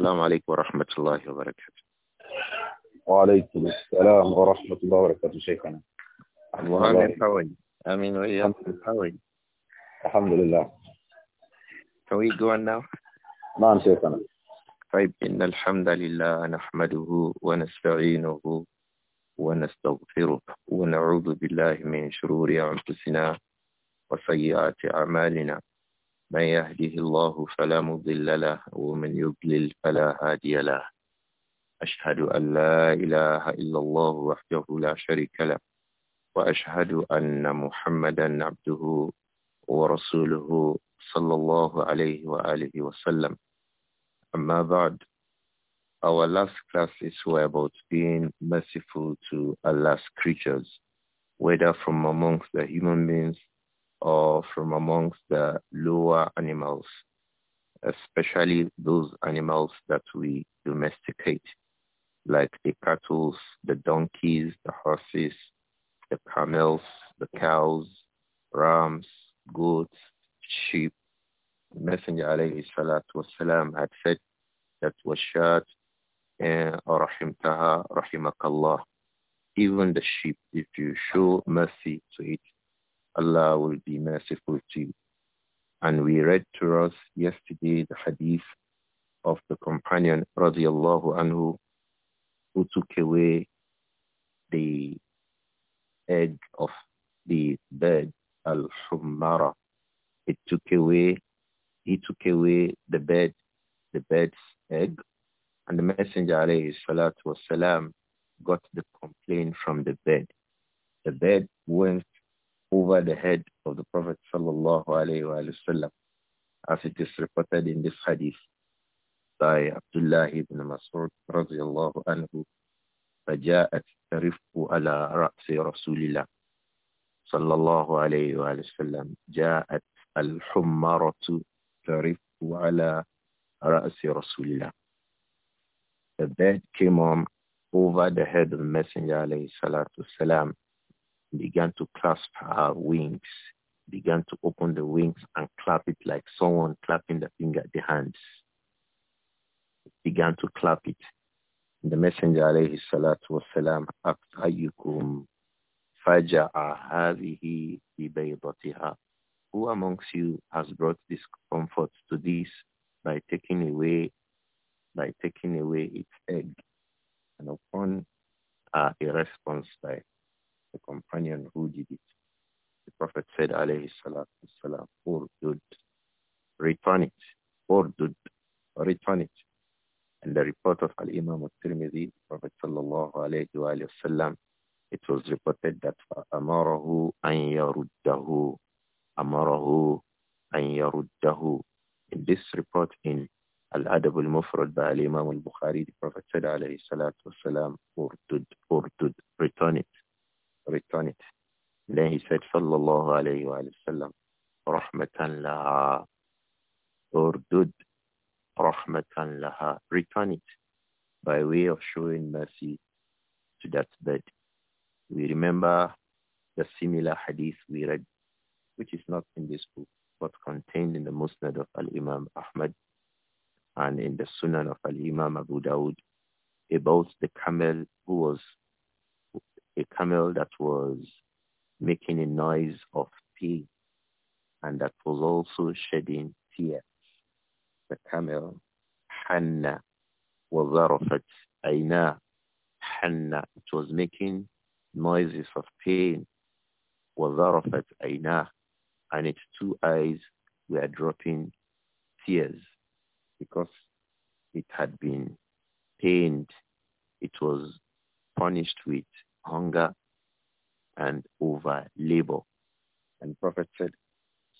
السلام عليكم ورحمة الله وبركاته وعليكم السلام ورحمة الله وبركاته شيخنا اللهم حوي آمين وياكم حوي الحمد لله Can we go on now? نعم شيخنا طيب إن الحمد لله نحمده ونستعينه ونستغفره ونعوذ بالله من شرور أنفسنا وسيئات أعمالنا من يهده الله فلا مضل له ومن يضلل فلا هادي له أشهد أن لا إله إلا الله وحده لا شريك له وأشهد أن محمدا عبده ورسوله صلى الله عليه وآله وسلم أما بعد Our last classes were about being merciful to Allah's creatures, whether from amongst the human beings or from amongst the lower animals, especially those animals that we domesticate, like the cattle, the donkeys, the horses, the camels, the cows, rams, goats, sheep. The Messenger alayhi salatu wasalam had said that washat eh, rahimtaha rahimakallah. Even the sheep, if you show mercy to it, Allah will be merciful to you. And we read to us yesterday the hadith of the companion radiallahu anhu who took away the egg of the bird al-humara. It took away, he took away the bird, the bird's egg. And the messenger alayhi salatu wasalam got the complaint from the bird. The bird went over the head of the Prophet sallallahu alaihi wasallam, as it is reported in this hadith by Abdullah ibn Mas'ud radiallahu anhu. فجاءت رفق على رأس رسول الله صلى الله عليه وآله وسلم جاءت الحمارة ترفق على رأس رسول الله The bed came on over the head of the Messenger عليه الصلاة والسلام began to clasp her wings, began to open the wings and clap it like someone clapping the finger, the hands. Began to clap it. The Messenger alayhi salatu wasalam asked ayyukum faja'a hadhihi bibaydatiha. Who amongst you has brought discomfort to this by taking away by taking away its egg? And upon uh, a response by the companion who did it. The Prophet said, alayhi salatu wasalam, urdud, return it, urdud, return it. And the report of Al-Imam al-Tirmidhi, Prophet sallallahu alayhi wa sallam, it was reported that amarahu an yaruddahu, amarahu an yaruddahu. In this report in Al-Adab al-Mufrad by Imam al-Bukhari, the Prophet said alayhi salatu wasalam, urdud, urdud, return it return it. Then he said, Sallallahu alayhi wa sallam, Rahmatan laha, urdud, Rahmatan laha, return it by way of showing mercy to that bed. We remember the similar hadith we read, which is not in this book, but contained in the Musnad of Al-Imam Ahmad and in the Sunan of Al-Imam Abu Dawud about the camel who was a camel that was making a noise of pain and that was also shedding tears. The camel, Hanna, وَظَرَفَتْ aina, Hanna, it was making noises of pain. was وَظَرَفَتْ aina, And its two eyes were dropping tears because it had been pained. It was punished with hunger and over labor. And Prophet said,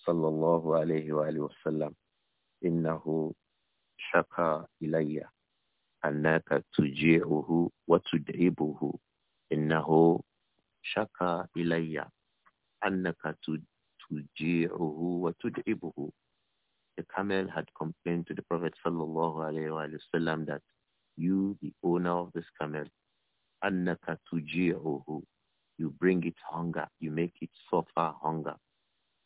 Sallallahu alayhi wa sallam, Innahu shaka ilayya annaka tuji'uhu wa tud'ibuhu. Innahu shaka ilayya annaka tuji'uhu wa tud'ibuhu. The camel had complained to the Prophet Sallallahu alayhi wa sallam that you, the owner of this camel, أَنَّكَ تُجِيعُهُ You bring it hunger. You make it suffer hunger.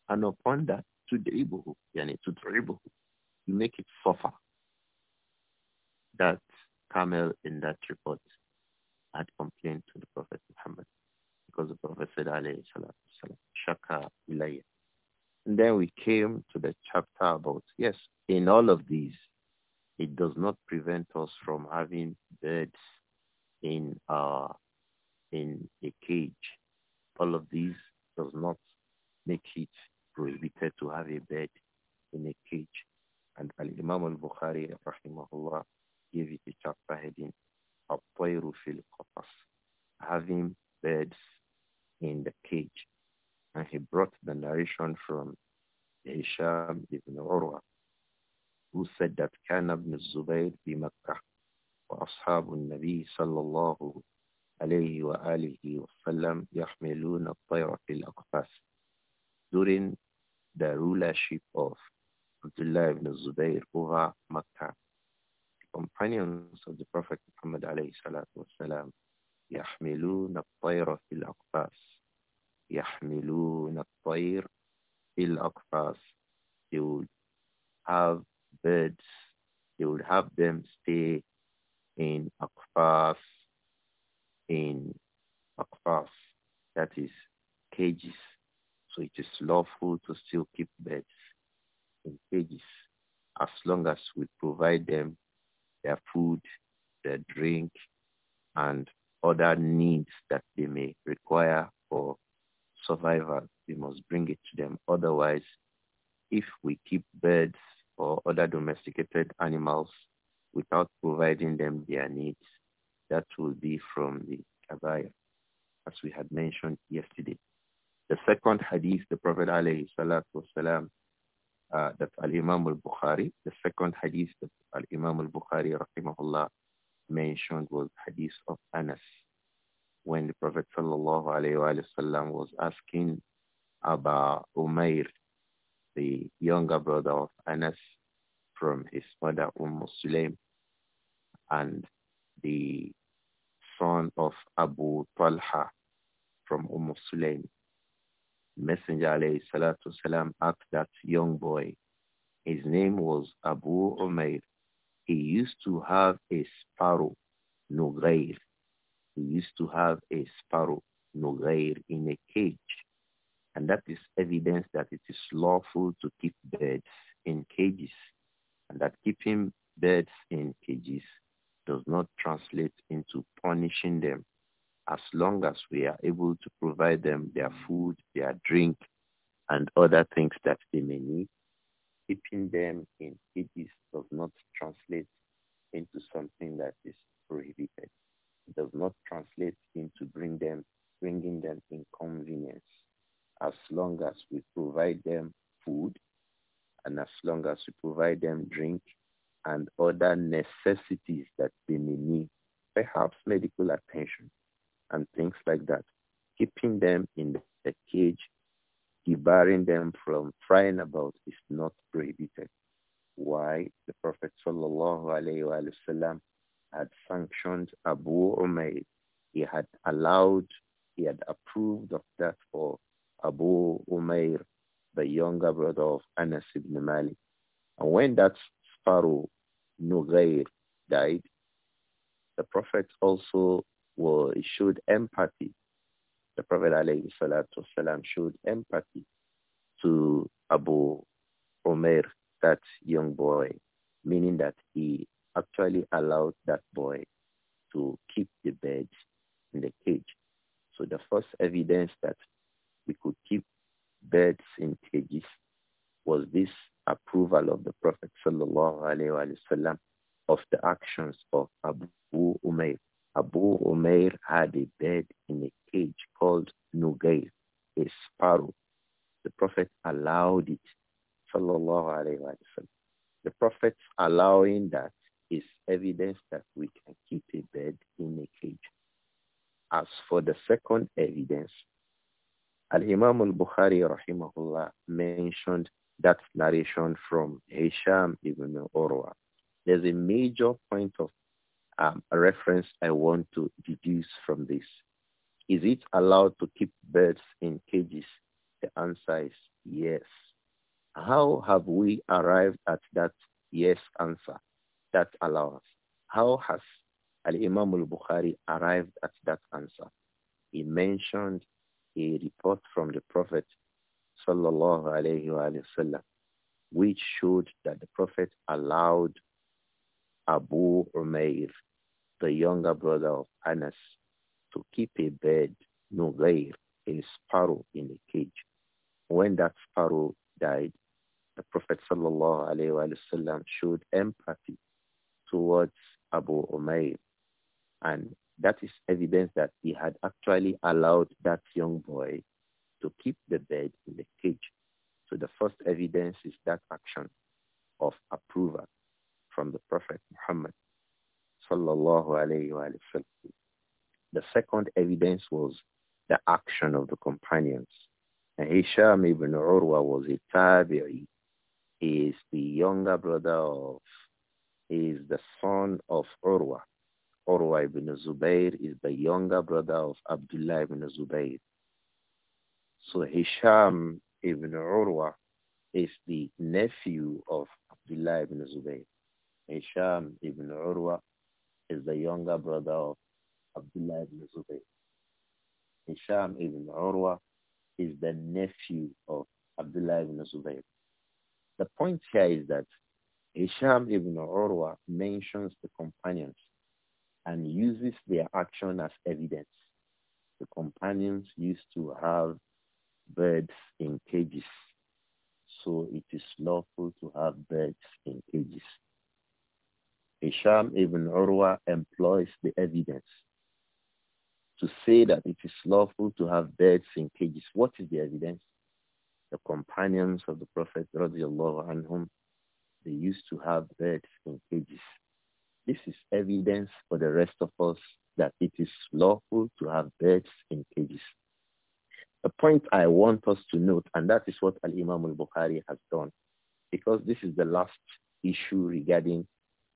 And upon that, تُدْعِبُهُ يعني تُدْعِبُهُ You make it suffer. That camel in that report had complained to the Prophet Muhammad because the Prophet said, alayhi salatu shaka ilayya. And then we came to the chapter about, yes, in all of these, it does not prevent us from having birds in uh, in a cage. All of these does not make it prohibited to have a bed in a cage. And Al Imam Al Bukhari, rahimahullah, gave it a chapter heading, "Apayru fil qafas," having beds in the cage. And he brought the narration from Hisham ibn Urwa, who said that Kana ibn Zubayr bi Makkah وأصحاب النبي صلى الله عليه وآله وسلم يحملون الطير في الأقفاص during the rulership of Abdullah ibn Zubayr over Makkah. The companions of the Prophet Muhammad alayhi salatu wasalam يحملون الطير في الأقفاص يحملون الطير في الأقفاص They would have birds, they would have them stay in akfas, in akfas, that is cages. So it is lawful to still keep birds in cages as long as we provide them their food, their drink, and other needs that they may require for survival. We must bring it to them. Otherwise, if we keep birds or other domesticated animals without providing them their needs. That will be from the abaya, as we had mentioned yesterday. The second hadith, the Prophet alayhi salatu wasalam, uh, that Al-Imam al-Bukhari, the second hadith that Al-Imam al-Bukhari rahimahullah mentioned was hadith of Anas, when the Prophet sallallahu alayhi was asking about Umair, the younger brother of Anas from his mother Umm Sulaim, and the son of Abu Talha from Umm Sulaim. Messenger of salatu salam asked that young boy. His name was Abu Umair. He used to have a sparrow, Nugair. He used to have a sparrow, Nugair, in a cage. And that is evidence that it is lawful to keep birds in cages and that keeping birds in cages does not translate into punishing them as long as we are able to provide them their food, their drink, and other things that they may need. Keeping them in Hades does not translate into something that is prohibited. It does not translate into bring them, bringing them inconvenience as long as we provide them food and as long as we provide them drink and other necessities that they may need, perhaps medical attention and things like that. Keeping them in the cage, debarring them from flying about is not prohibited. Why? The Prophet wasallam had sanctioned Abu Umayyad. He had allowed, he had approved of that for Abu Umayyad, the younger brother of Anas ibn Malik. And when that sparrow Nugayr died, the Prophet also was, showed empathy. The Prophet والسلام, showed empathy to Abu Omer, that young boy, meaning that he actually allowed that boy to keep the birds in the cage. So the first evidence that we could keep birds in cages was this approval of the Prophet وسلم, of the actions of Abu Umair. Abu Umair had a bird in a cage called Nugayr, a sparrow. The Prophet allowed it. The Prophet's allowing that is evidence that we can keep a bird in a cage. As for the second evidence, Al-Imam al-Bukhari rahimahullah mentioned that narration from Hisham ibn Urwa. There's a major point of um, reference I want to deduce from this. Is it allowed to keep birds in cages? The answer is yes. How have we arrived at that yes answer, that allows. How has Al-Imam al-Bukhari arrived at that answer? He mentioned a report from the Prophet sallallahu alayhi wa sallam, which showed that the Prophet allowed Abu Umair, the younger brother of Anas, to keep a bird, Nugayr, a sparrow in a cage. When that sparrow died, the Prophet sallallahu showed empathy towards Abu Umair, And that is evidence that he had actually allowed that young boy to keep the bird in the cage. So the first evidence is that action of approval from the Prophet Muhammad sallallahu alayhi The second evidence was the action of the companions. And Hisham ibn Urwa was a tabi'i. He is the younger brother of, he is the son of Urwa. Urwa ibn Zubayr is the younger brother of Abdullah ibn Zubayr. So Hisham ibn Urwa is the nephew of Abdullah ibn Zubayr. Hisham ibn Urwa is the younger brother of Abdullah ibn Zubayr. Hisham ibn Urwa is the nephew of Abdullah ibn Zubayr. The point here is that Hisham ibn Urwa mentions the companions and uses their action as evidence. The companions used to have birds in cages. So it is lawful to have birds in cages. Hisham ibn Urwa employs the evidence to say that it is lawful to have birds in cages. What is the evidence? The companions of the Prophet anhum, they used to have birds in cages. This is evidence for the rest of us that it is lawful to have birds in cages. A point I want us to note, and that is what Al-Imam al-Bukhari has done, because this is the last issue regarding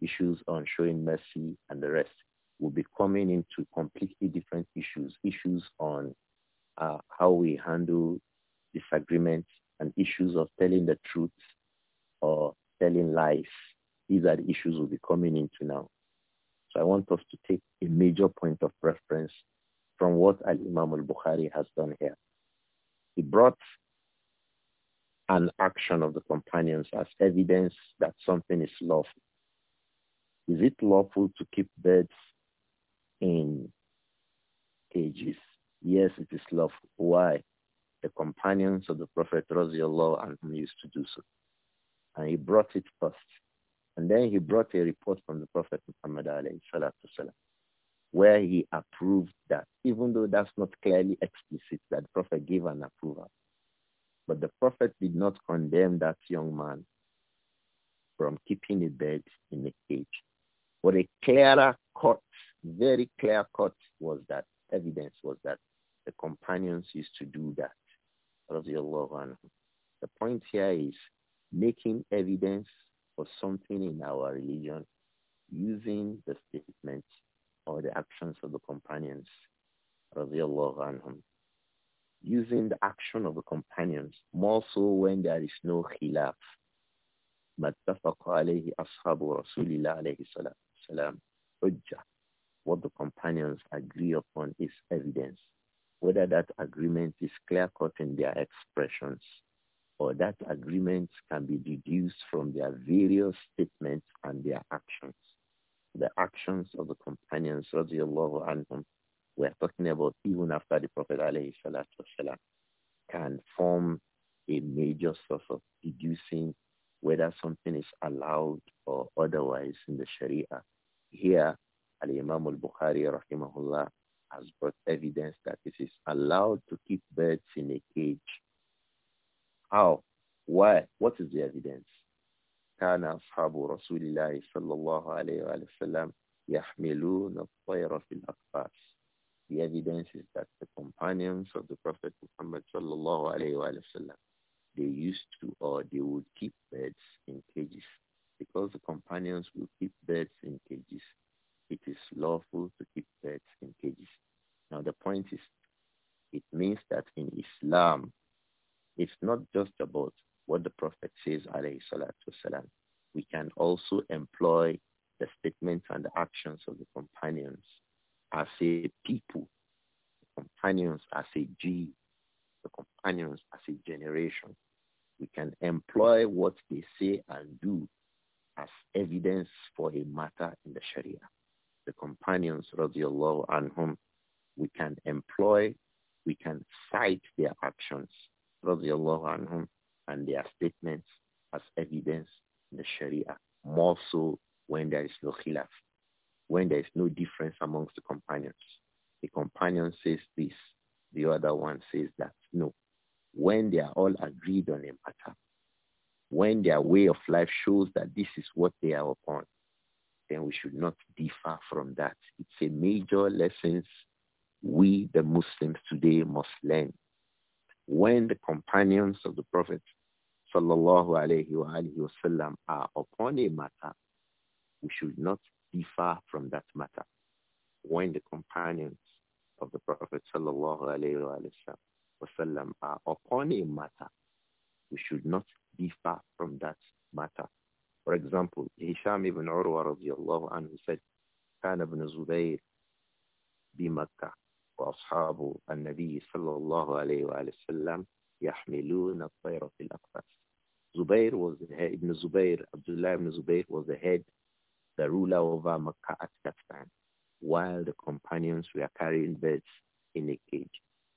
issues on showing mercy and the rest. We'll be coming into completely different issues, issues on uh, how we handle disagreements and issues of telling the truth or telling lies. These are the issues we'll be coming into now. So I want us to take a major point of reference from what Al-Imam al-Bukhari has done here. He brought an action of the companions as evidence that something is lawful. Is it lawful to keep birds in cages? Yes, it is lawful. Why? The companions of the Prophet Raziallah and whom used to do so. And he brought it first. And then he brought a report from the Prophet Muhammad alayhi salatu salam where he approved that, even though that's not clearly explicit that the Prophet gave an approval. But the Prophet did not condemn that young man from keeping a bed in a cage. But a clearer cut, very clear cut was that, evidence was that the companions used to do that. The point here is making evidence for something in our religion using the statement or the actions of the companions, anhum. Using the action of the companions, more so when there is no khilaf. متفق عليه أصحاب الله What the companions agree upon is evidence. Whether that agreement is clear-cut in their expressions or that agreement can be deduced from their various statements and their actions the actions of the companions radiallahu anhum we're talking about even after the Prophet alayhi can form a major source of deducing whether something is allowed or otherwise in the Sharia. Here, Al-Imam al-Bukhari rahimahullah has brought evidence that it is allowed to keep birds in a cage. How? Why? What is the evidence? كان أصحاب رسول الله صلى الله عليه وسلم يحملون الطير في الأقفاص the evidence is that the companions of the Prophet Muhammad صلى الله عليه وسلم they used to or they would keep birds in cages. Because the companions will keep birds in cages, it is lawful to keep birds in cages. Now the point is, it means that in Islam, it's not just about what the Prophet says, alayhi salatu salam. we can also employ the statements and the actions of the companions as a people, the companions as a G, the companions as a generation. We can employ what they say and do as evidence for a matter in the Sharia. The companions, radiallahu anhum, we can employ, we can cite their actions, radiallahu anhum, and their statements as evidence in the Sharia, more so when there is no khilaf, when there is no difference amongst the companions. The companion says this, the other one says that. No. When they are all agreed on a matter, when their way of life shows that this is what they are upon, then we should not differ from that. It's a major lesson we, the Muslims today, must learn. When the companions of the Prophet sallallahu alayhi wa alihi wasallam are upon a matter, we should not differ from that matter. When the companions of the Prophet sallallahu alayhi wa wasallam are upon a matter, we should not differ from that matter. For example, Hisham ibn Urwa radiallahu anhu said, كان ابن زبير بمكة وأصحاب النبي صلى الله عليه وآله وسلم يَحْمِلُونَ الطَّيْرَ فِي Zubair was the head, Ibn Zubair, Abdullah ibn Zubair was the head, the ruler over Makkah at that time, while the companions were carrying birds in a cage.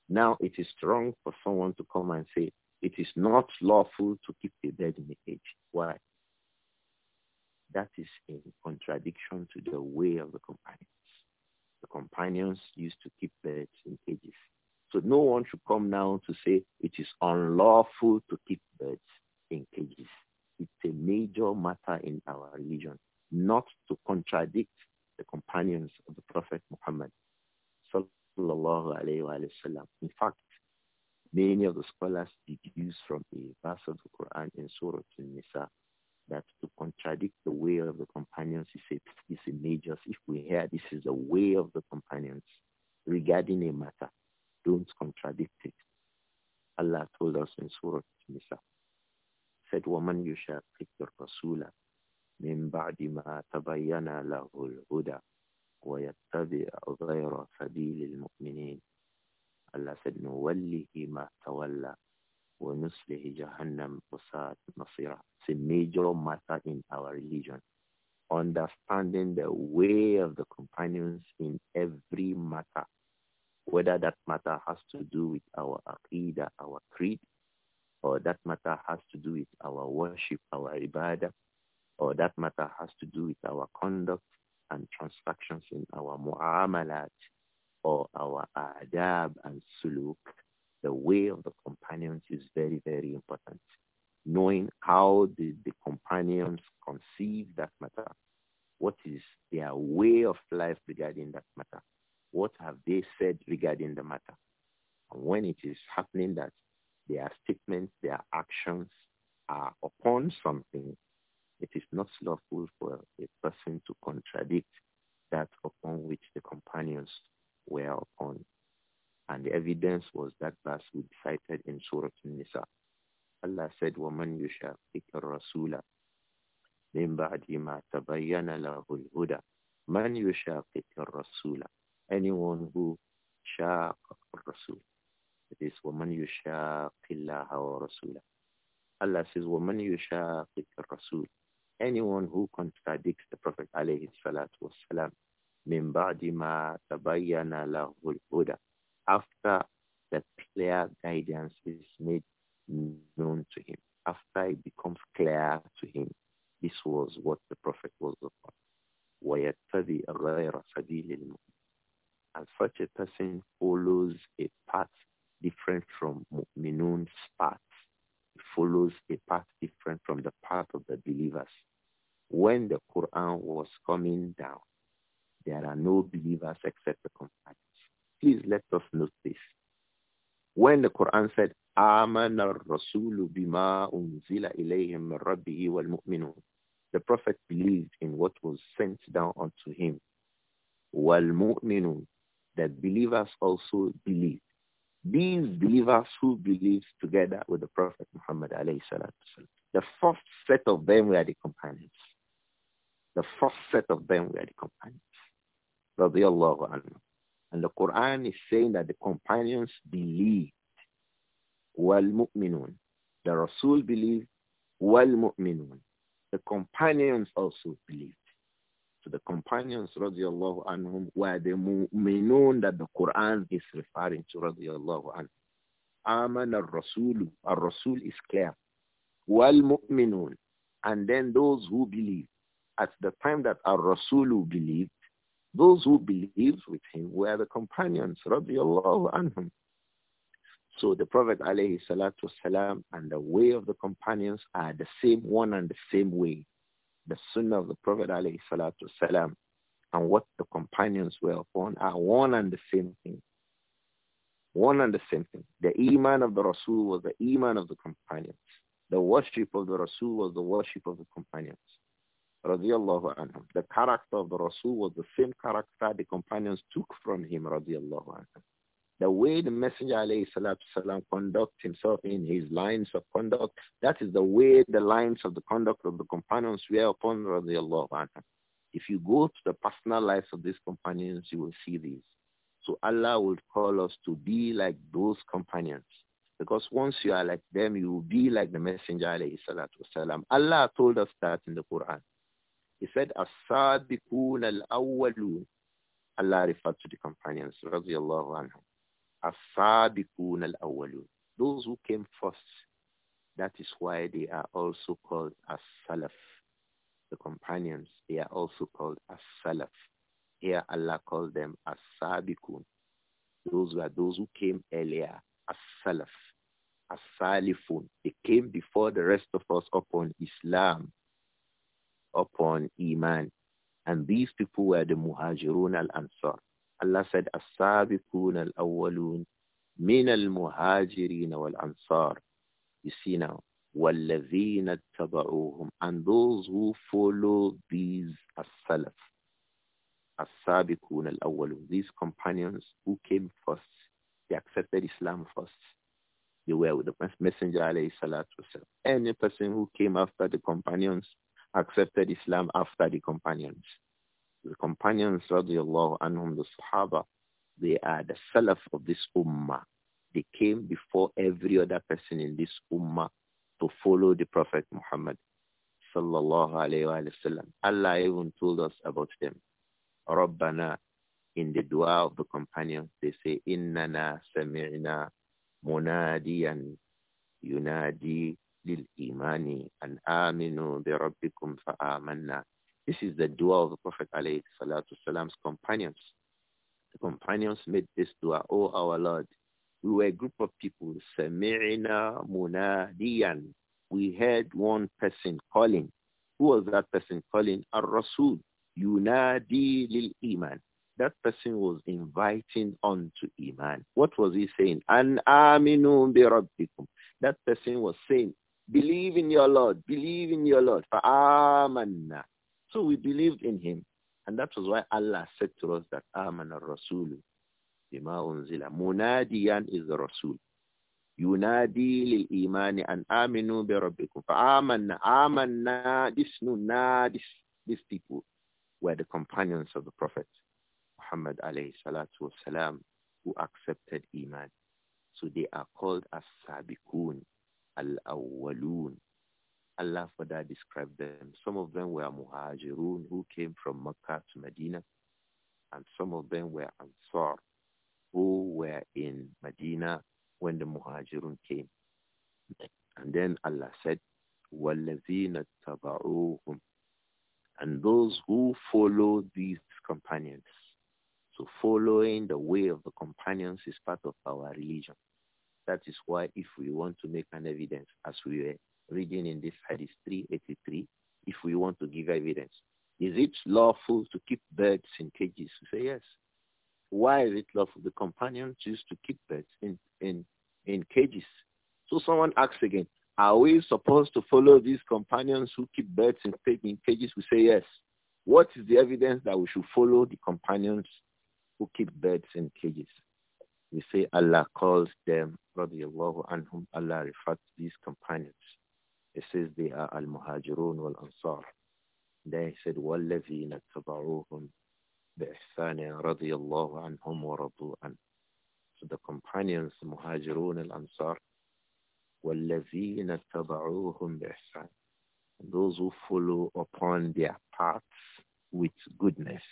Now it is wrong for someone to come and say, it is not lawful to keep a bird in a cage. Why? That is in contradiction to the way of the companions. The companions used to keep birds in cages so no one should come now to say it is unlawful to keep birds in cages. It's a major matter in our religion, not to contradict the companions of the Prophet Muhammad. In fact, many of the scholars deduce from a verse of the Quran in Surah An-Nisa that to contradict the way of the companions is a, is a major, if we hear this is the way of the companions regarding a matter, don't contradict it. Allah told us in Surah Nisa, said, وَمَنْ يُشَاقِقِ الرَّسُولَ مِنْ بَعْدِ مَا تَبَيَّنَ Allah said, It's a major matter in our religion. Understanding the way of the companions in every matter whether that matter has to do with our aqidah, our creed, or that matter has to do with our worship, our ibadah, or that matter has to do with our conduct and transactions in our mu'amalat, or our adab and suluk, the way of the companions is very, very important. Knowing how the companions conceive that matter, what is their way of life regarding that matter, what have they said regarding the matter? And when it is happening that their statements, their actions are upon something, it is not lawful for a person to contradict that upon which the companions were upon. And the evidence was that verse we cited in Surah An-Nisa. Allah said, وَمَنْ يُشَاقِقَ الرَّسُولَ مِنْ بَعْدِ مَا تَبَيَّنَ لَهُ الْهُدَى مَنْ يُشَاقِقَ الرَّسُولَ anyone who shaq Rasul. It is woman you shaq Allah Rasulah. Allah says, woman you Rasul. Anyone who contradicts the Prophet alayhi salatu wasalam, min ba'di ma tabayyana lahul huda. After the clear guidance is made known to him, after it becomes clear to him, this was what the Prophet was about. وَيَتَّبِي غَيْرَ سَبِيلِ الْمُؤْمِنِينَ as such a person follows a path different from Mu'minun's path. He follows a path different from the path of the believers. When the Quran was coming down, there are no believers except the companions. Please let us note this. When the Quran said, آمن الرسول بما unzila ilayhim من wal-Mu'minun," The Prophet believed in what was sent down unto him. والمؤمنون that believers also believe. These believers who believe together with the Prophet Muhammad The first set of them were the companions. The first set of them were the companions. Radiallahu anhu. And the Quran is saying that the companions believed. wal The Rasul believed. wal The companions also believed. To the companions, radiallahu anhum, they the mu'minun that the Quran is referring to, radiallahu anhum. Aman al-Rasul, al-Rasul is clear. Wal mu'minun, and then those who believe. At the time that al-Rasul believed, those who believed with him were the companions, radiallahu anhum. So the Prophet alayhi salatu and the way of the companions are the same one and the same way the sunnah of the Prophet salatu salam and what the companions were upon are one and the same thing. One and the same thing. The iman of the Rasul was the iman of the companions. The worship of the Rasul was the worship of the companions. Radiallahu anhum. The character of the Rasul was the same character the companions took from him. Radiallahu anhum the way the messenger والسلام, conduct himself in his lines of conduct, that is the way the lines of the conduct of the companions were upon radiallahu If you go to the personal lives of these companions, you will see these. So Allah will call us to be like those companions. Because once you are like them, you will be like the messenger alayhi Allah told us that in the Quran. He said, As-sabiqoon al-awwalun. Allah referred to the companions, radiallahu anhum. As-sabiqun al-awwalun. Those who came first. That is why they are also called as-salaf. The companions, they are also called as-salaf. Here Allah called them as-sabiqun. Those were those who came earlier, as-salaf, as-salifun. They came before the rest of us upon Islam, upon Iman. And these people were the muhajirun al-ansar. Allah said, as al-awwalun min al-muhajirin wal-ansar. You see now, وَالَّذِينَ اتَّبَعُوهُمْ And those who follow these as-salaf. al-awwalun. These companions who came first, they accepted Islam first. They were with the Messenger alayhi salatu wasalam. Any person who came after the companions accepted Islam after the companions. The companions, radiallahu anhum, the Sahaba, they are the Salaf of this Ummah. They came before every other person in this Ummah to follow the Prophet Muhammad, sallallahu alayhi wa, Allah even told us about them. Rabbana, in the dua of the companions, they say, Innana sami'na munadiyan yunadi lil imani an aminu bi rabbikum fa amanna. This is the dua of the Prophet alayhi salatu salam's companions. The companions made this dua, O oh, our Lord, we were a group of people, Sami'ina Munadiyan. We heard one person calling. Who was that person calling? A rasul Yunadi lil Iman. That person was inviting on to Iman. What was he saying? An aminu bi rabbikum. That person was saying, believe in your Lord, believe in your Lord. Fa'amanna. So we believed in him. And that was why Allah said to us that Aman al-Rasul, bima unzila. Munadiyan is the Rasul. Yunadi lil imani an aminu bi rabbikum. Fa amanna, amanna, this nuna, this, these people were the companions of the Prophet Muhammad alayhi salatu wasalam who accepted iman. So they are called as Sabikun Al-Awwalun, Allah further described them. Some of them were muhajirun who came from Makkah to Medina, and some of them were ansar who were in Medina when the muhajirun came. And then Allah said, وَالَّذِينَ اتَّبَعُوهُمْ And those who follow these companions. So following the way of the companions is part of our religion. That is why if we want to make an evidence, as we were reading in this hadith 383 if we want to give evidence. Is it lawful to keep birds in cages? We say yes. Why is it lawful? The companion choose to keep birds in, in, in cages. So someone asks again, are we supposed to follow these companions who keep birds in, in cages? We say yes. What is the evidence that we should follow the companions who keep birds in cages? We say Allah calls them, radiallahu anhum, Allah refers to these companions it says they are al-muhajirun wal-ansar. Then he said, وَالَّذِينَ اتَّبَعُوهُمْ بِإِحْسَانٍ رَضِيَ اللَّهُ عَنْهُمْ وَرَضُوا عَنْهُ So the companions, muhajirun al-ansar, وَالَّذِينَ اتَّبَعُوهُمْ بِإِحْسَانٍ Those who follow upon their paths with goodness.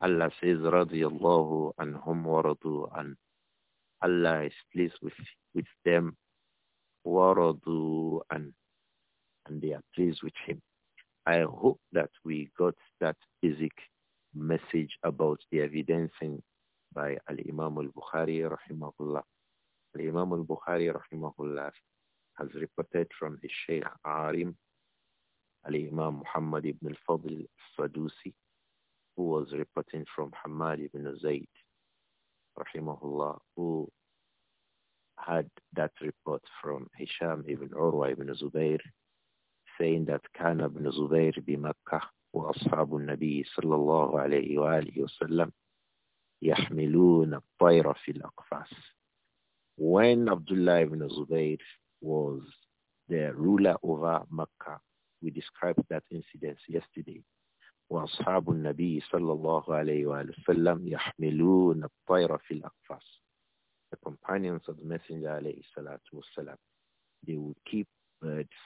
Allah says, رَضِيَ اللَّهُ عَنْهُمْ وَرَضُوا عَنْهُ Allah is pleased with, with them. وَرَضُوا عَنْهُ and they are pleased with him. I hope that we got that basic message about the evidencing by Al-Imam al-Bukhari rahimahullah. Al-Imam al-Bukhari rahimahullah has reported from his Shaykh Arim, Al-Imam Muhammad ibn al-Fadl al-Sadusi, who was reporting from Hamad ibn Zayd rahimahullah, who had that report from Hisham ibn Urwa ibn Zubair saying that كان ابن زبير بمكة وأصحاب النبي صلى الله عليه وآله وسلم يحملون الطير في الأقفاص. When Abdullah ibn Zubayr was the ruler over Makkah, we described that incident yesterday. وأصحاب النبي صلى الله عليه وآله وسلم يحملون الطير في الأقفاص. The companions of the Messenger عليه الصلاة والسلام, they would keep birds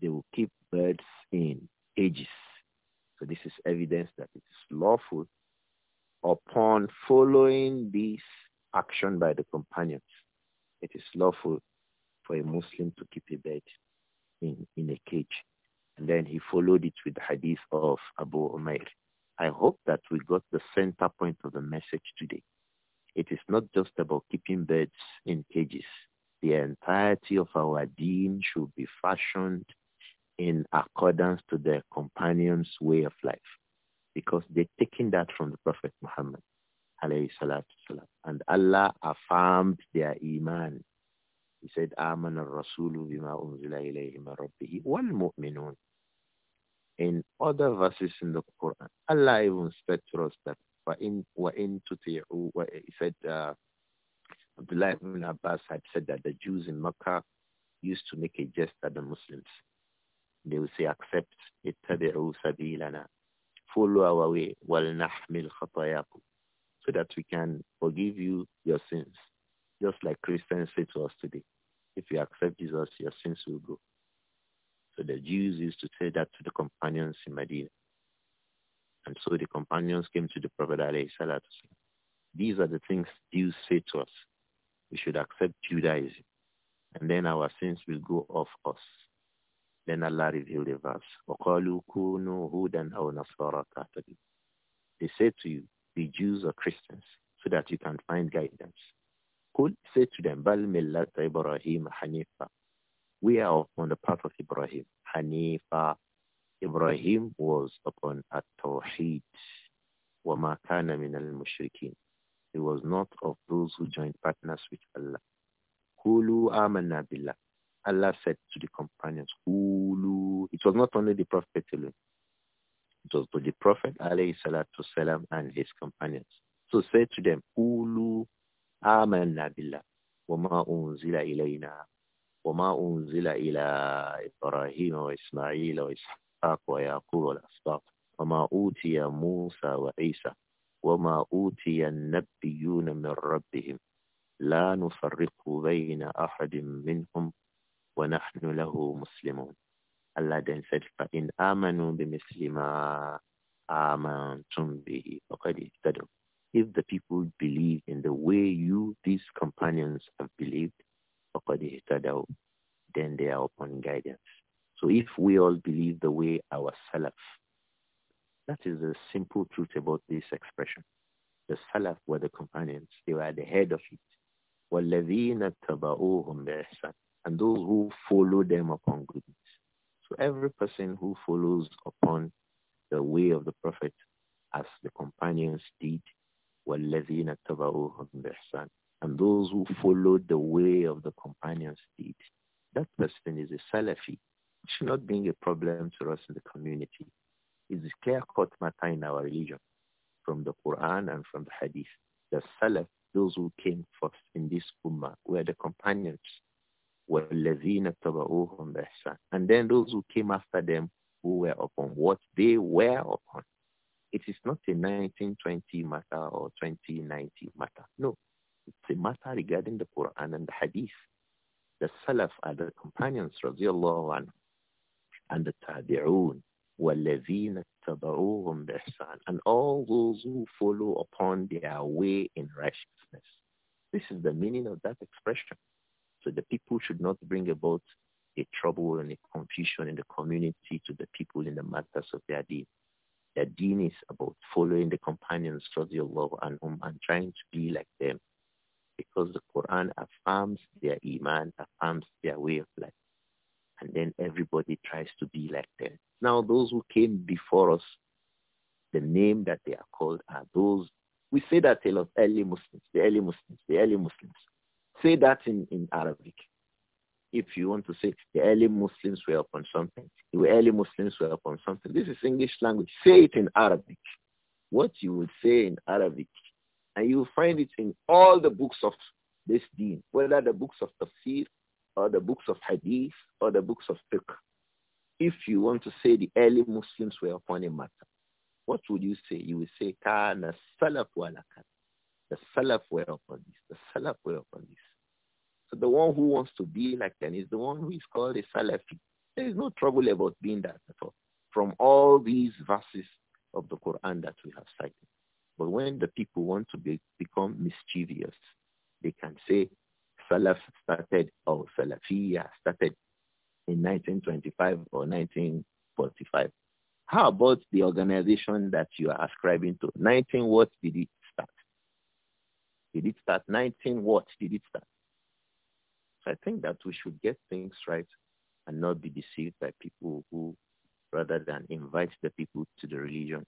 they will keep birds in cages. So this is evidence that it is lawful upon following this action by the companions. It is lawful for a Muslim to keep a bird in, in a cage. And then he followed it with the hadith of Abu Umair. I hope that we got the center point of the message today. It is not just about keeping birds in cages. The entirety of our deen should be fashioned in accordance to their companions' way of life because they're taking that from the Prophet Muhammad. And Allah affirmed their iman. He said, "Aman al-Rasulu bima unzila ilayhi min wal mu'minun." In other verses in the Quran, Allah even said to us that وَإِن وَإِن He said, uh, Abdullah ibn Abbas had said that the Jews in Mecca used to make a jest at the Muslims. They will say, accept, ittabi'u sabilana. Follow our way, wal nahmil khatayakum. So that we can forgive you your sins. Just like Christians say to us today. If you accept Jesus, your sins will go. So the Jews used to say that to the companions in Medina. And so the companions came to the Prophet ﷺ. These are the things Jews say to us. We should accept Judaism. And then our sins will go off us. Then Allah revealed the verse. وَقَالُوا كُونُوا هُودًا أَوْ نَصَارَى تَهْتَدُوا They said to you, be Jews or Christians, so that you can find guidance. Qul say to them, بَلْ مِلَّةَ Ibrahim حَنِيفًا We are on the path of Ibrahim. Hanifa. Ibrahim was upon a tawheed. وَمَا كَانَ مِنَ الْمُشْرِكِينَ He was not of those who joined partners with Allah. قُولُوا آمَنَّا بِاللَّهِ Allah said to the companions, Ulu. It was not only the Prophet alone. It was to the Prophet alayhi salatu salam and his companions. So say to them, Ulu amanna billah wa ma unzila ilayna wa ma unzila ila Ibrahim wa Ismail wa Ishaq wa Yaqub wa Asbaq wa ma utiya Musa wa Isa wa ma utiya an min rabbihim la nufarriqu bayna ahadin minhum وَنَحْنُ لَهُ مُسْلِمُونَ said, فَإِنْ آمَنُوا مَا آمَنْتُمْ بِهِ فَقَدْ اهْتَدَوْا If the people believe in the way you, these companions, have believed, فَقَدْ اهْتَدَوْا Then they are upon guidance. So if we all believe the way our Salaf, that is the simple truth about this expression. The Salaf were the companions. They were at the head of it. وَالَّذِينَ بِإِحْسَانٍ and those who follow them upon goodness. So every person who follows upon the way of the Prophet as the companions did, وَالَّذِينَ تَبَعُوهُمْ بِإِحْسَانٍ And those who followed the way of the companions did, that person is a Salafi. It should not bring a problem to us in the community. It's a clear-cut matter in our religion from the Quran and from the Hadith. The Salaf, those who came first in this Ummah, were the companions وَالَّذِينَ اتَّبَعُوهُمْ بِإِحْسَانٍ And then those who came after them who were upon what they were upon. It is not a 1920 matter or 2090 matter. No, it's a matter regarding the Quran and the Hadith. The Salaf are the companions, radiallahu anhu, and the Tabi'un, وَالَّذِينَ اتَّبَعُوهُمْ بِإِحْسَانٍ And all those who follow upon their way in righteousness. This is the meaning of that expression. So the people should not bring about a trouble and a confusion in the community to the people in the matters of their deen. Their deen is about following the companions of your love and and trying to be like them. Because the Quran affirms their iman, affirms their way of life. And then everybody tries to be like them. Now those who came before us, the name that they are called are those we say that tale of early Muslims, the early Muslims, the early Muslims. Say that in, in Arabic. If you want to say the early Muslims were upon something, the early Muslims were upon something. This is English language. Say it in Arabic. What you would say in Arabic. And you find it in all the books of this deen, whether the books of tafsir or the books of hadith or the books of fiqh. If you want to say the early Muslims were upon a matter, what would you say? You would say, Kana salaf walakat. The salaf were upon this. The salaf were upon this. So the one who wants to be like them is the one who is called a Salafi. There is no trouble about being that at all from all these verses of the Quran that we have cited. But when the people want to be, become mischievous, they can say Salaf started or Salafiyah started in 1925 or 1945. How about the organization that you are ascribing to? 19 what did it start? Did it start? 19 what did it start? So I think that we should get things right and not be deceived by people who, rather than invite the people to the religion,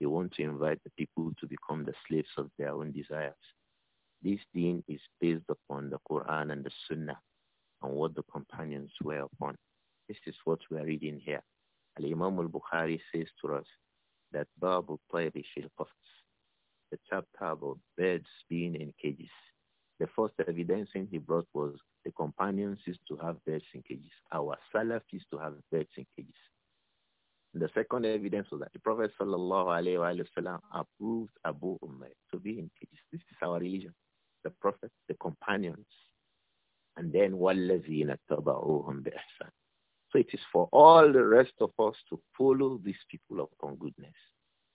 they want to invite the people to become the slaves of their own desires. This deen is based upon the Quran and the Sunnah and what the companions were upon. This is what we are reading here. Al-Imam al-Bukhari says to us that Babu Tayri Shilqafs, the chapter about birds being in cages. The first evidence he brought was the companions used to have in sinkages. Our Salaf used to have in sinkages. The second evidence was that the Prophet sallallahu approved Abu Umar to be in cages. This is our religion. The Prophet, the companions, and then وَالَّذِينَ تَبَعُوهُمْ بِإِحْسَانٍ So it is for all the rest of us to follow these people upon goodness.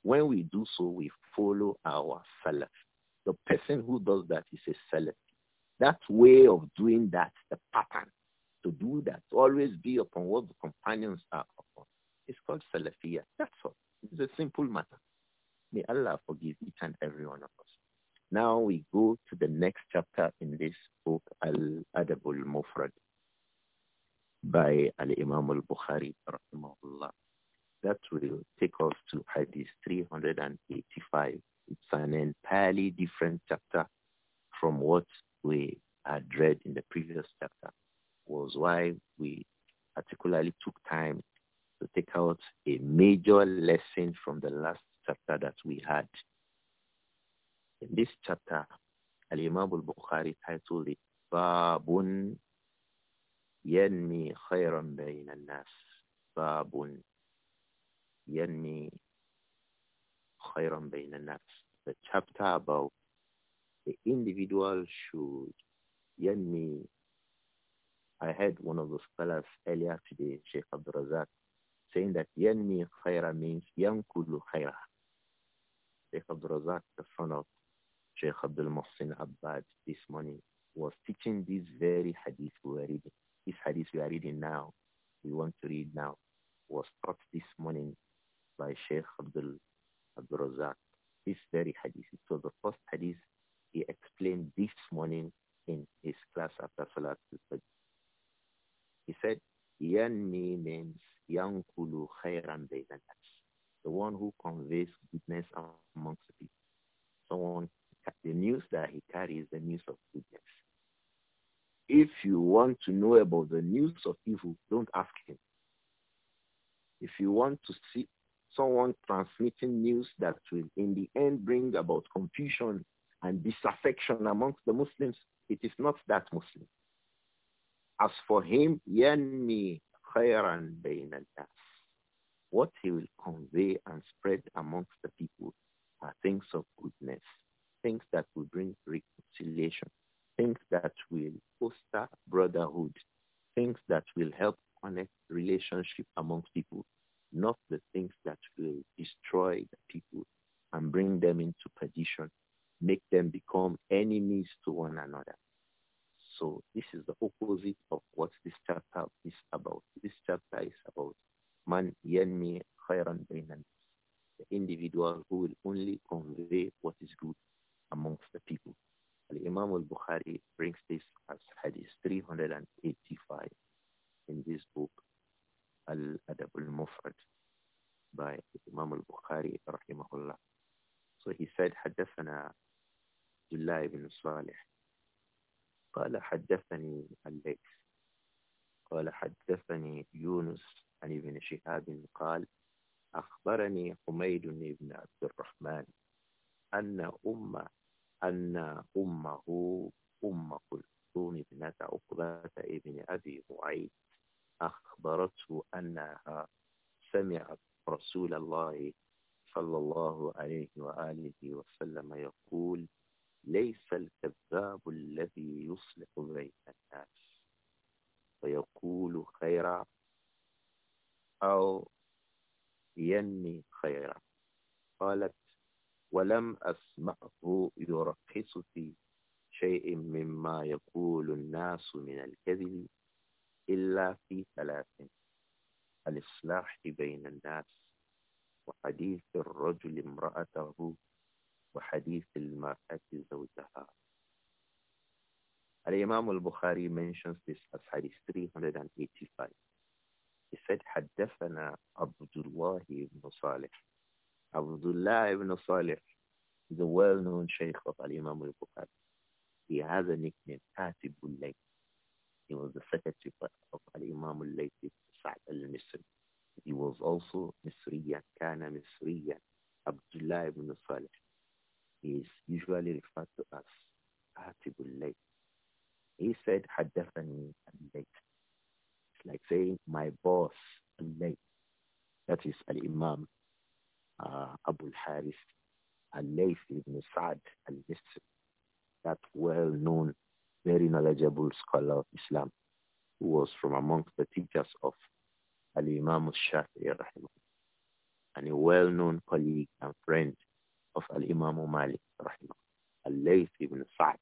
When we do so, we follow our Salaf. The person who does that is a seller. That way of doing that, the pattern to do that, to always be upon what the companions are upon, is called Salafiyah. That's all. It's a simple matter. May Allah forgive each and every one of us. Now we go to the next chapter in this book, Al-Adabul Mufrad, by Al-Imam al-Bukhari, That will take us to Hadith 385 it's an entirely different chapter from what we had read in the previous chapter. Was why we particularly took time to take out a major lesson from the last chapter that we had. In this chapter, Al-Imam al-Bukhari titled it Babun Yanmi Khayran al-Nas. Babun Yanmi Khayran Bain al-Nas the chapter about the individual should me I heard one of the scholars earlier today, Sheikh Abdul Razak, saying that yanmi khaira means yankulu khaira. Sheikh Abdul Razak, the son of Sheikh Abdul Mohsin Abbad this morning, was teaching this very hadith we are reading. This hadith we are reading now, we want to read now, was taught this morning by Sheikh Abdul, Abdul Razak this very hadith. It was the first hadith he explained this morning in his class after Salat al He said, Yanmi means Yankulu Khairan The one who conveys goodness amongst the people. Someone, the news that he carries the news of goodness. If you want to know about the news of evil, don't ask him. If you want to see someone transmitting news that will in the end bring about confusion and disaffection amongst the Muslims, it is not that Muslim. As for him, yanmi khairan bayna nas. What he will convey and spread amongst the people are things of goodness, things that will bring reconciliation, things that will foster brotherhood, things that will help connect relationship amongst people not the things that will destroy the people and bring them into perdition, make them become enemies to one another. So this is the opposite of what this chapter is about. This chapter is about man yanmi khairan bainan, the individual who will only convey what is good amongst the people. Al-Imam al-Bukhari brings this as hadith 385 in this book, al المفرد by Imam al-Bukhari الله So he said, حدثنا الله بن صالح قال حدثني الليث قال حدثني يونس عن ابن شهاب قال أخبرني حميد بن عبد الرحمن أن أم أن أمه أم كلثوم ابنة عقبة ابن أبي معيط أخبرته أنها سمعت رسول الله صلى الله عليه وآله وسلم يقول ليس الكذاب الذي يصلح بين الناس ويقول خيرا أو ينمي خيرا قالت ولم أسمعه يرخص في شيء مما يقول الناس من الكذب إلا في ثلاث الإصلاح بين الناس وحديث الرجل امرأته وحديث المرأة زوجها الإمام البخاري mentions this as hadith 385 he said حدثنا عبد الله بن صالح عبد الله بن صالح the well-known شيخ of الإمام البخاري he has a nickname Katibul Layl He was the secretary of Al-Imam al-Laythi Sa'd al-Misri. He was also Misriyan, Kana Misriyan, Abdullah ibn Salih. He is usually referred to as Hatibul Layth. He said, Haddathani al-Layth. It's like saying, my boss, al-Layth. That is Al-Imam uh, Abu al-Haris al-Layth ibn Sa'd al-Misri. That well-known very knowledgeable scholar of Islam, who was from amongst the teachers of Al-Imam Shafi'i and a well-known colleague and friend of Al-Imam Malik Al-Layth ibn Sa'd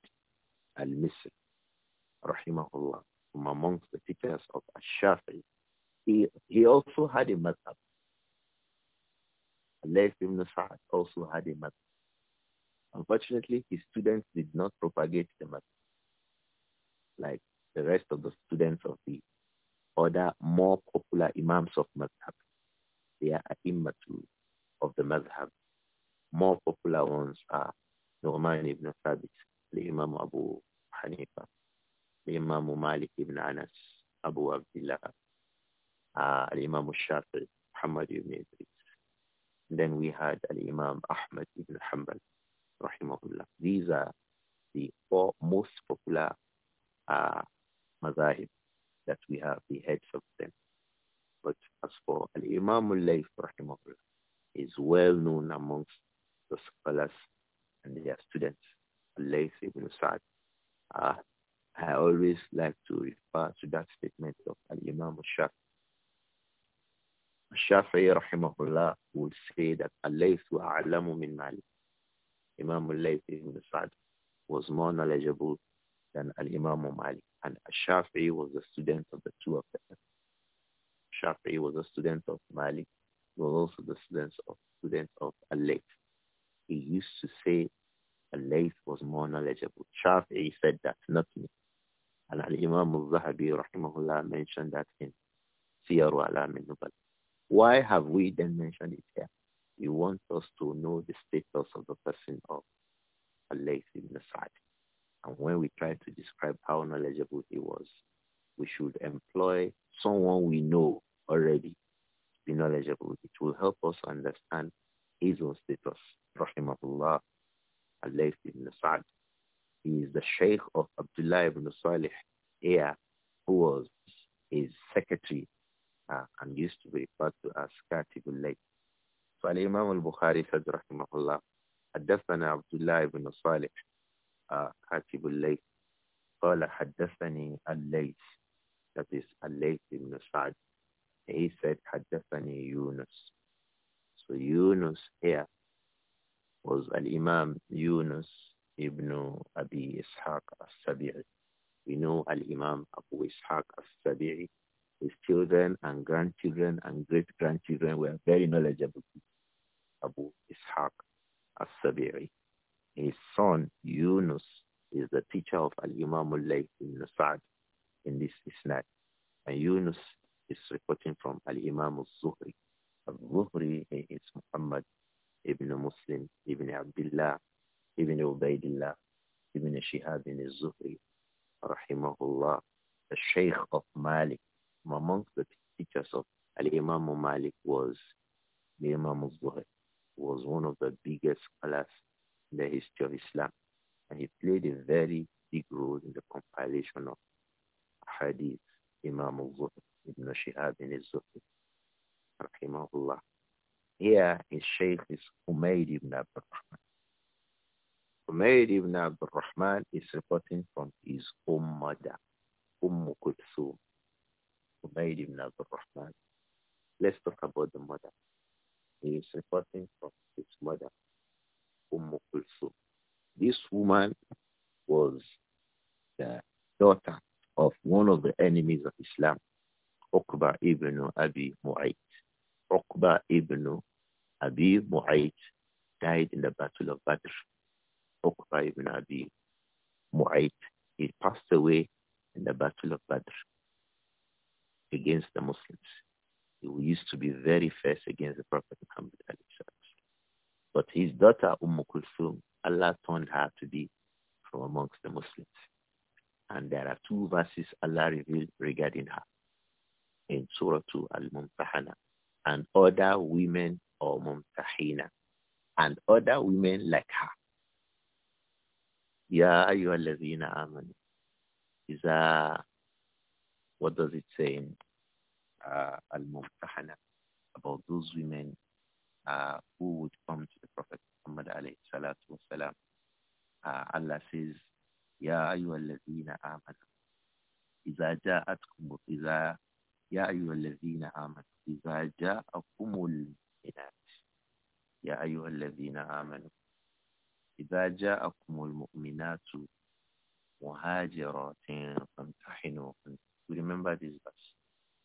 al-Misri rahimahullah, from amongst the teachers of Al-Shafi'i. He, he also had a madhab. Al-Layth ibn Sa'd also had a madhab. Unfortunately, his students did not propagate the madhab like the rest of the students of the other more popular imams of madhab. They are immature of the madhab. More popular ones are Nu'man ibn Thabit, the Imam Abu Hanifa, the Imam Malik ibn Anas, Abu Abdullah, uh, Imam Shafi, Muhammad ibn Idris. Then we had the imam Ahmad ibn Hanbal, rahimahullah. These are the four most popular uh, mazahib that we have, the heads of them. But as for Al-Imam al-Layth, is well known amongst the scholars and their students, layth ibn Sa'd. Uh, I always like to refer to that statement of Al-Imam al-Shafi. Shafi'i rahimahullah would say that Al-Layth wa a'lamu min Imam Al-Layth ibn Sa'd was more knowledgeable than Al-Imam Malik. And Shafi'i was a student of the two of them. Shafi'i was a student of Malik. He was also the student of, student of Al-Layth. He used to say Al-Layth was more knowledgeable. Shafi'i said that, not me. And Al-Imam al-Zahabi, rahimahullah, mentioned that in Siyaru Alam Why have we then mentioned it here? You want us to know the status of the person of Al-Layth ibn Sa'd. And when we try to describe how knowledgeable he was, we should employ someone we know already to be knowledgeable. It will help us understand his own status. Rahimahullah, Allah ibn Sa'd. He is the Sheikh of Abdullah ibn Salih Air, who was his secretary uh, and used to be referred to as Katibul Layth. So imam al-Bukhari said, Rahimahullah, حدثنا Abdullah ibn بن Ah كاتب الليث قال حدثني الليث that is الليث بن سعد he said حدثني يونس so Yunus yeah, was al-Imam Yunus ibn Abi Ishaq al-Sabi'i we know al-Imam Abu Ishaq al-Sabi'i his children and grandchildren and great-grandchildren were very knowledgeable Abu Ishaq al-Sabi'i his son, Yunus, is the teacher of Al-Imam in ibn sa in this isnad. And Yunus is reporting from Al-Imam zuhri Al-Zuhri is Muhammad ibn Muslim, ibn Abdullah, ibn Ubaidillah, ibn Shihab ibn zuhri rahimahullah, the Sheikh of Malik. among the teachers of Al-Imam Malik was the Imam zuhri was one of the biggest scholars in the history of Islam. And he played a very big role in the compilation of hadith, Imam al-Zuhri, Ibn Shihab ibn al-Zuhri, rahimahullah. Here his sheikh is Umayyad ibn Abdul Rahman. Umayyad ibn Abdul Rahman is reporting from his own mother, Umm Kulthum. Umayyad ibn al Rahman. Let's talk about the mother. He is reporting from his mother, Umm Kulsum. This woman was the daughter of one of the enemies of Islam, Uqba ibn Abi Mu'ayt. Uqba ibn Abi Mu'ayt died in the Battle of Badr. Uqba ibn Abi Mu'ayt, he passed away in the Battle of Badr against the Muslims. He used to be very fierce against the Prophet Muhammad. But his daughter Umm Kulthum, Allah turned her to be from amongst the Muslims. And there are two verses Allah revealed regarding her in Surah Al-Mumtahana and other women or Mumtahina and other women like her. Ya ayyuhallazina amanu. Is a, what does it say in uh, Al-Mumtahana about those women uh, who would come to the Prophet Muhammad alayhi salatu wasalam. Uh, Allah says, يا أيها الذين آمنوا إذا جاءتكم إذا يا أيها الذين آمنوا إذا جاءكم المؤمنات يا أيها الذين آمنوا إذا جاءكم المؤمنات مهاجرات فامتحنوهن remember this verse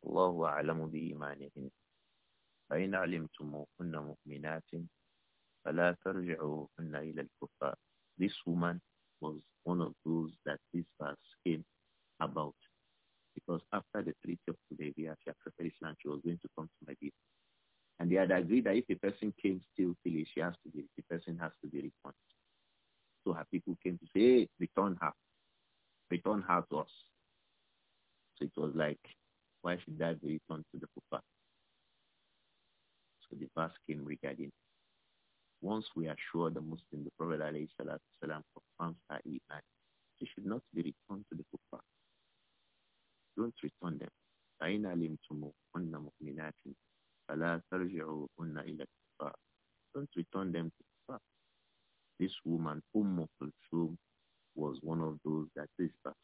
الله أعلم بإيمانهن فإن علمتموهن مؤمنات فلا ترجعوهن إلى الكفار This woman was one of those that this verse came about because after the Treaty of Hudaybiyah, she accepted Islam, she was going to come to Medina. And they had agreed that if a person came still till she has to be, the person has to be returned. So her people came to say, hey, return her. Return her to us. So it was like, why should that be returned to the Kufa? So the verse came regarding once we assure the Muslim, the Prophet ﷺ confirms her iman, she should not be returned to the kuffar. Don't return them. فإن علمتموهن مؤمنات فلا ترجعوهن إلى الكفار. Don't return them to kuffar. This woman, Umm Kulthum, was one of those that this verse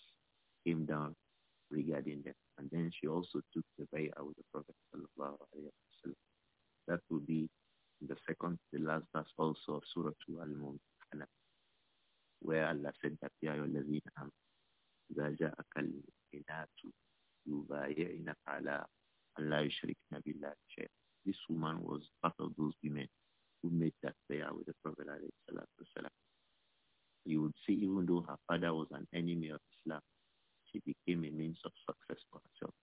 came down regarding them. And then she also took the out of the Prophet sallallahu alayhi wa that will be the second the last verse also of Surah al where Allah said that Ya This woman was part of those women who made that prayer with the Prophet ﷺ. You would see even though her father was an enemy of Islam, she became a means of success for herself.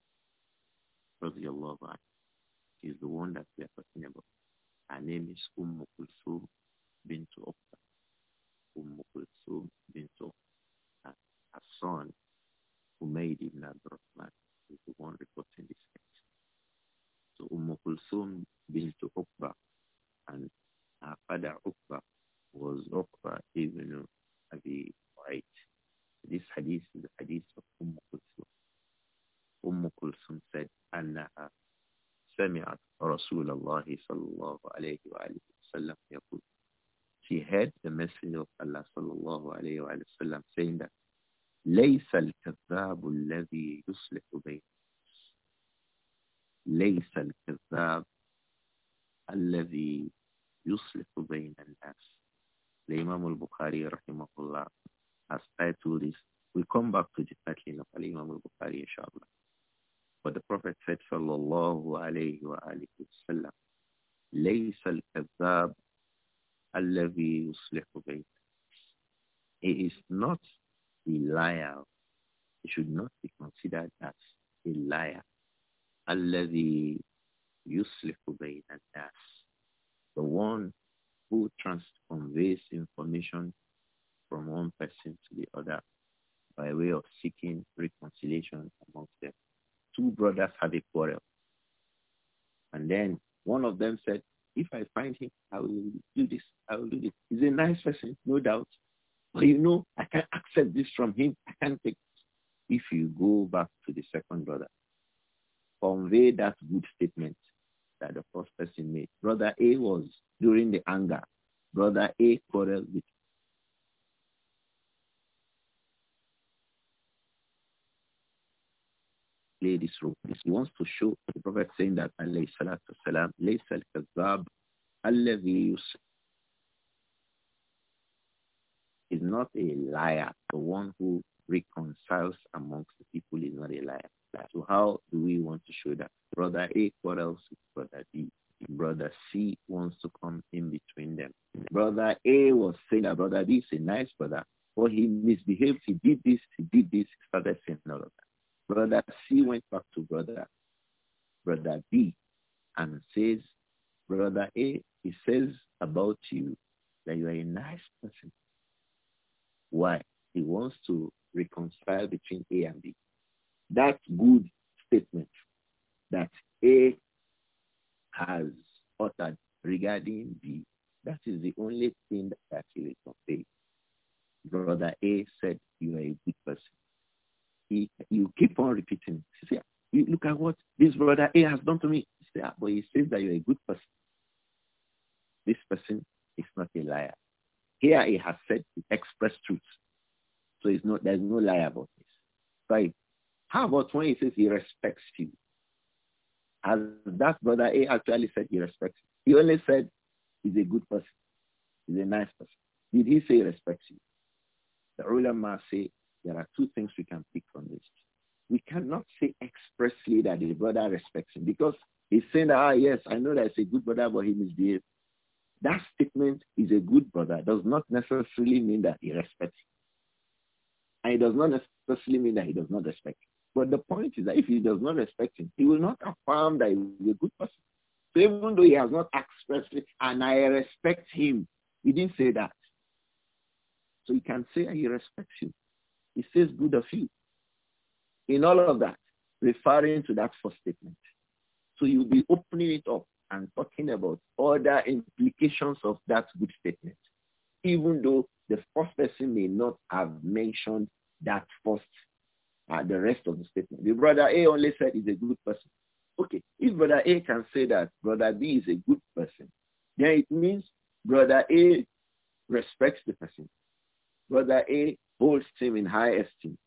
رضي الله is the one that we are talking about. Her name is Umm Bintu bint Uqba. Bintu, Kulsum bint Uqba. Her son, Umayd ibn Abdurrahman, is the one reporting this case. So Umm Bintu bint and her father Uqba was Uqba ibn رسول الله صلى الله عليه وآله وسلم يقول She heard the messenger of Allah صلى الله عليه وآله وسلم saying that ليس الكذاب الذي يصلح بين ليس الكذاب الذي that good statement that A has uttered regarding B, that is the only thing that actually conveys. Brother A said, you are a good person. He, you keep on repeating. He said, look at what this brother A has done to me. He said, ah, but he says that you're a good person. This person is not a liar. Here he has said the express truth. So it's not, there's no lie about this. Right? How about when he says he respects you? As that brother A actually said he respects you. He only said he's a good person. He's a nice person. Did he say he respects you? The ulama say there are two things we can pick from this. We cannot say expressly that the brother respects him because he's saying that, ah, yes, I know that it's a good brother, but he misbehaved. That statement is a good brother does not necessarily mean that he respects you, And it does not necessarily mean that he does not respect you. But the point is that if he does not respect him, he will not affirm that he is a good person. So even though he has not expressed it, and I respect him, he didn't say that. So he can say he respects you. He says good of you. In all of that, referring to that first statement. So you'll be opening it up and talking about other implications of that good statement, even though the first person may not have mentioned that first uh, the rest of the statement. The brother A only said he's a good person. Okay, if brother A can say that brother B is a good person, then it means brother A respects the person. Brother A holds him in high esteem.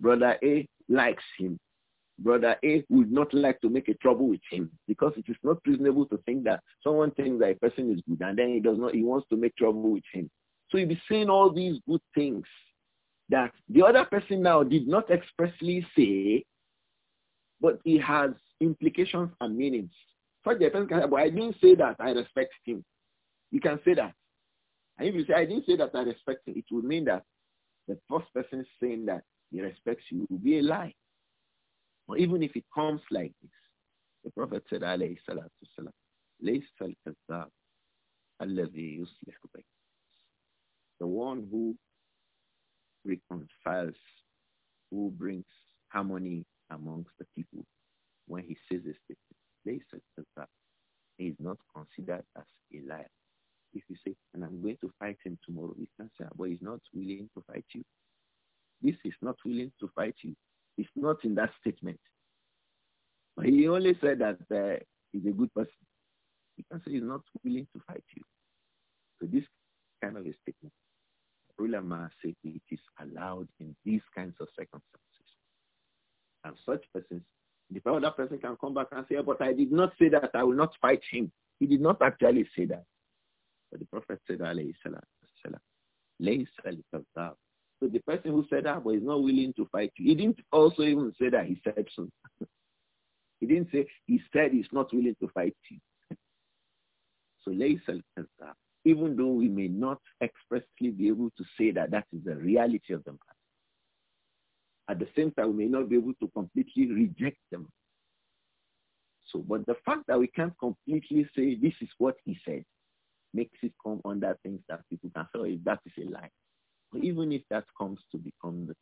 Brother A likes him. Brother A would not like to make a trouble with him because it is not reasonable to think that someone thinks that a person is good and then he does not, he wants to make trouble with him. So you'll be saying all these good things that the other person now did not expressly say, but it has implications and meanings. For the person can say, but I didn't say that I respect him. You can say that. And if you say, I didn't say that I respect him, it will mean that the first person saying that he respects you will be a lie. Or even if it comes like this, the Prophet said, alayhi salatu salam, the one who reconciles, who brings harmony amongst the people when he says a statement. place such as that. He is not considered as a liar. If you say, and I'm going to fight him tomorrow, he can say, ah, but he's not willing to fight you. This is not willing to fight you. It's not in that statement. But he only said that uh, he's a good person. He can say he's not willing to fight. out in these kinds of circumstances. And such persons, the other person can come back and say, but I did not say that. I will not fight him. He did not actually say that. But the Prophet said, alayhi salam, salam. So the person who said that but is not willing to fight you, he didn't also even say that he said so. he didn't say he said he's not willing to fight you. So lays al be able to say that that is the reality of them. At the same time, we may not be able to completely reject them. So, but the fact that we can't completely say this is what he said makes it come under things that people can say, oh, if that is a lie. But even if that comes to become the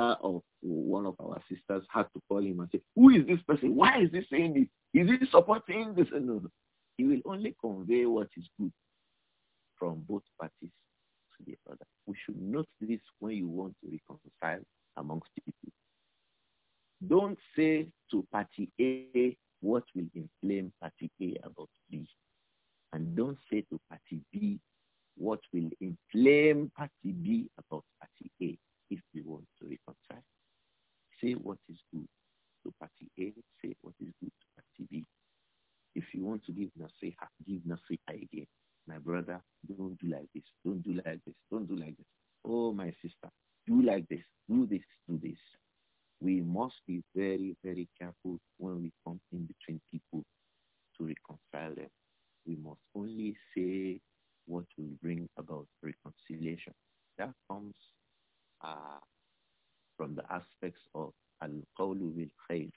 of one of our sisters had to call him and say, who is this person? Why is he saying this? Is he supporting this? No, no. He will only convey what is good from both parties to the other. We should note this when you want to reconcile amongst people. Don't say to party A what will inflame party A about B. And don't say to party B what will inflame party B about Say what is good to party A, say what is good to party B. If you want to give nasiha, give nasiha again. My brother, don't do like this, don't do like this, don't do like this. Oh, my sister, do like this, do this, do this. We must be very, very careful when we come in between people to reconcile them. We must only say what will bring about reconciliation. That comes uh, from the aspects of al-qawlu bil khayr,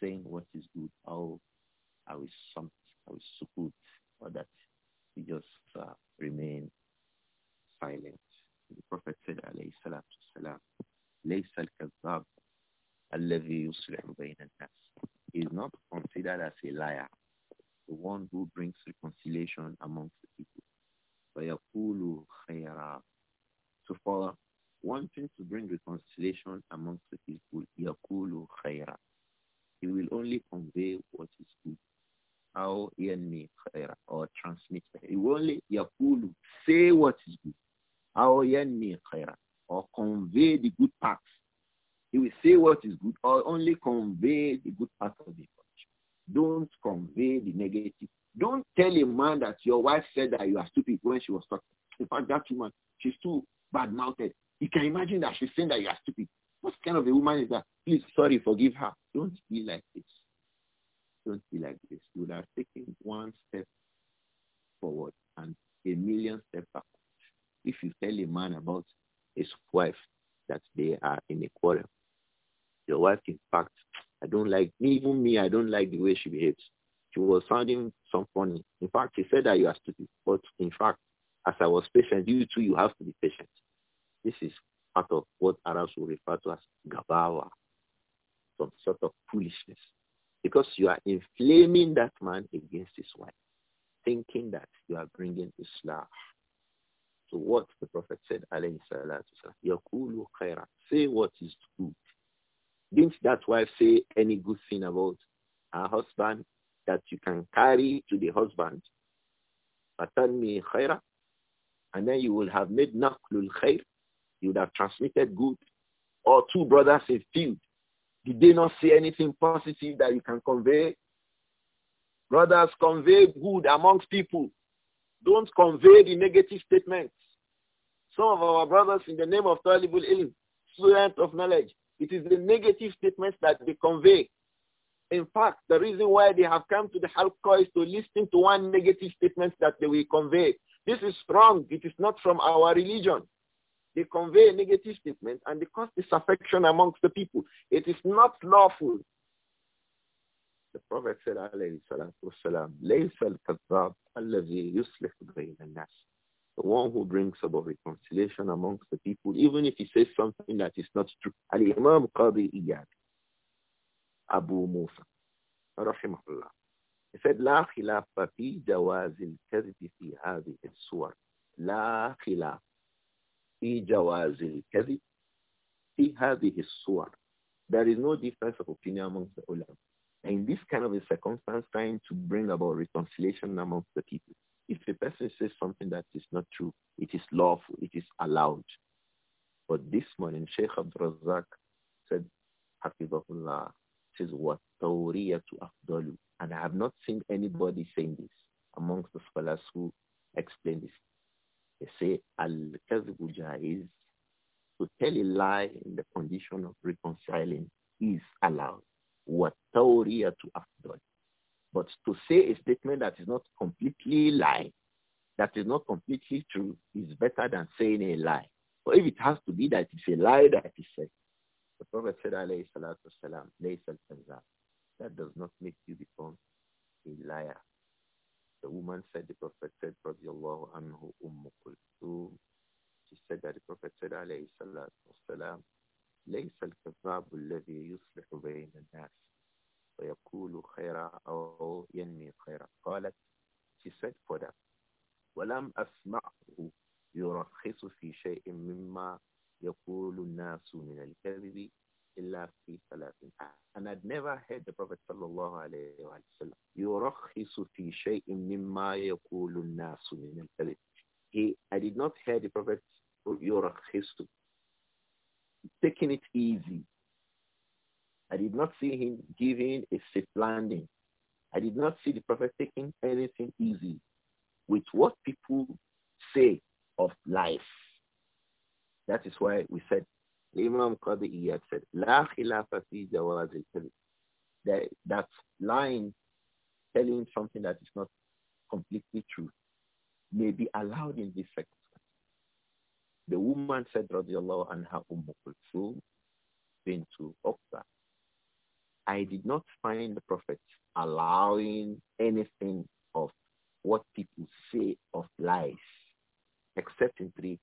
saying what is good, how I will sumt, I will sukut, or that we just uh, remain silent. The Prophet said, alayhi salatu salam, ليس الكذاب الذي يصلح بين الناس. He is not considered as a liar, the one who brings reconciliation amongst the people. فيقول خيرا. to follow wanting to bring reconciliation amongst the people, yakulu khaira. He will only convey what is good. How yenmi khaira or transmit. He will only yakulu say what is good. How yenmi khaira or convey the good parts. He will say what is good or only convey the good parts of the culture. Don't convey the negative. Don't tell a man that your wife said that you are stupid when she was talking. In fact, that woman, she's too bad-mouthed. You can imagine that she's saying that you are stupid. What kind of a woman is that? Please, sorry, forgive her. Don't be like this. Don't be like this. You would have taken one step forward and a million steps back. If you tell a man about his wife that they are in a quarrel, your wife, in fact, I don't like, even me, I don't like the way she behaves. She was sounding some funny. In fact, she said that you are stupid. But in fact, as I was patient, you too, you have to be patient. This is part of what Arabs will refer to as gabawa, some sort of foolishness. Because you are inflaming that man against his wife, thinking that you are bringing Islam. So what the Prophet said, alayhi salatu say what is good. Didn't that wife say any good thing about her husband that you can carry to the husband? me khaira. And then you will have made naqlul khair he would have transmitted good. Or two brothers in field. Did they not see anything positive that you can convey? Brothers, convey good amongst people. Don't convey the negative statements. Some of our brothers in the name of terrible ill, fluent of knowledge, it is the negative statements that they convey. In fact, the reason why they have come to the halqa is to listen to one negative statement that they will convey. This is wrong. It is not from our religion. They convey a negative statement and they cause disaffection amongst the people. It is not lawful. The Prophet said, alayhi salatu wasalam, The one who brings about reconciliation amongst the people, even if he says something that is not true. Al-Imam Qadi Iyad, Abu Musa, rahimahullah. He said, لا خلاف في جواز الكذب في هذه الصور. لا خلاف في جواز he had هذه الصور there is no difference of opinion amongst the ulama in this kind of a circumstance trying to bring about reconciliation amongst the people if a person says something that is not true it is lawful it is allowed but this morning Sheikh Abdul Razak said Hafizahullah says what tawriya to afdalu and I have not seen anybody saying this amongst the scholars who explain this they say al-kadhibu jaiz. To tell a lie in the condition of reconciling is allowed. What tawriya to afdal. But to say a statement that is not completely lie, that is not completely true, is better than saying a lie. But if it has to be that it's a lie that is said, the Prophet said, alayhi salatu wasalam, that does not make you become a liar. The woman said, the Prophet said, radiallahu anhu, Umm Kulthum. She said that the Prophet said, alayhi salatu wasalam, ليس الكذاب الذي يصلح بين الناس ويقول خيرا أو ينمي خيرا. قالت, she said for that, ولم أسمعه يرخص في شيء مما يقول الناس من الكذب إلا في ثلاث And I'd never heard the Prophet صلى الله عليه fi shay'in في شيء مما يقول الناس من الكذب. He, I did not hear the Prophet يرخص taking it easy. I did not see him giving a safe landing. I did not see the Prophet taking anything easy with what people say of life. That is why we said Imam Qadi said, La khilafa fi that, that lying, telling something that is not completely true, may be allowed in this circumstance. The woman said, radiallahu anha, Umm Kulthum, bintu Uqba, I did not find the Prophet allowing anything of what people say of lies, except in three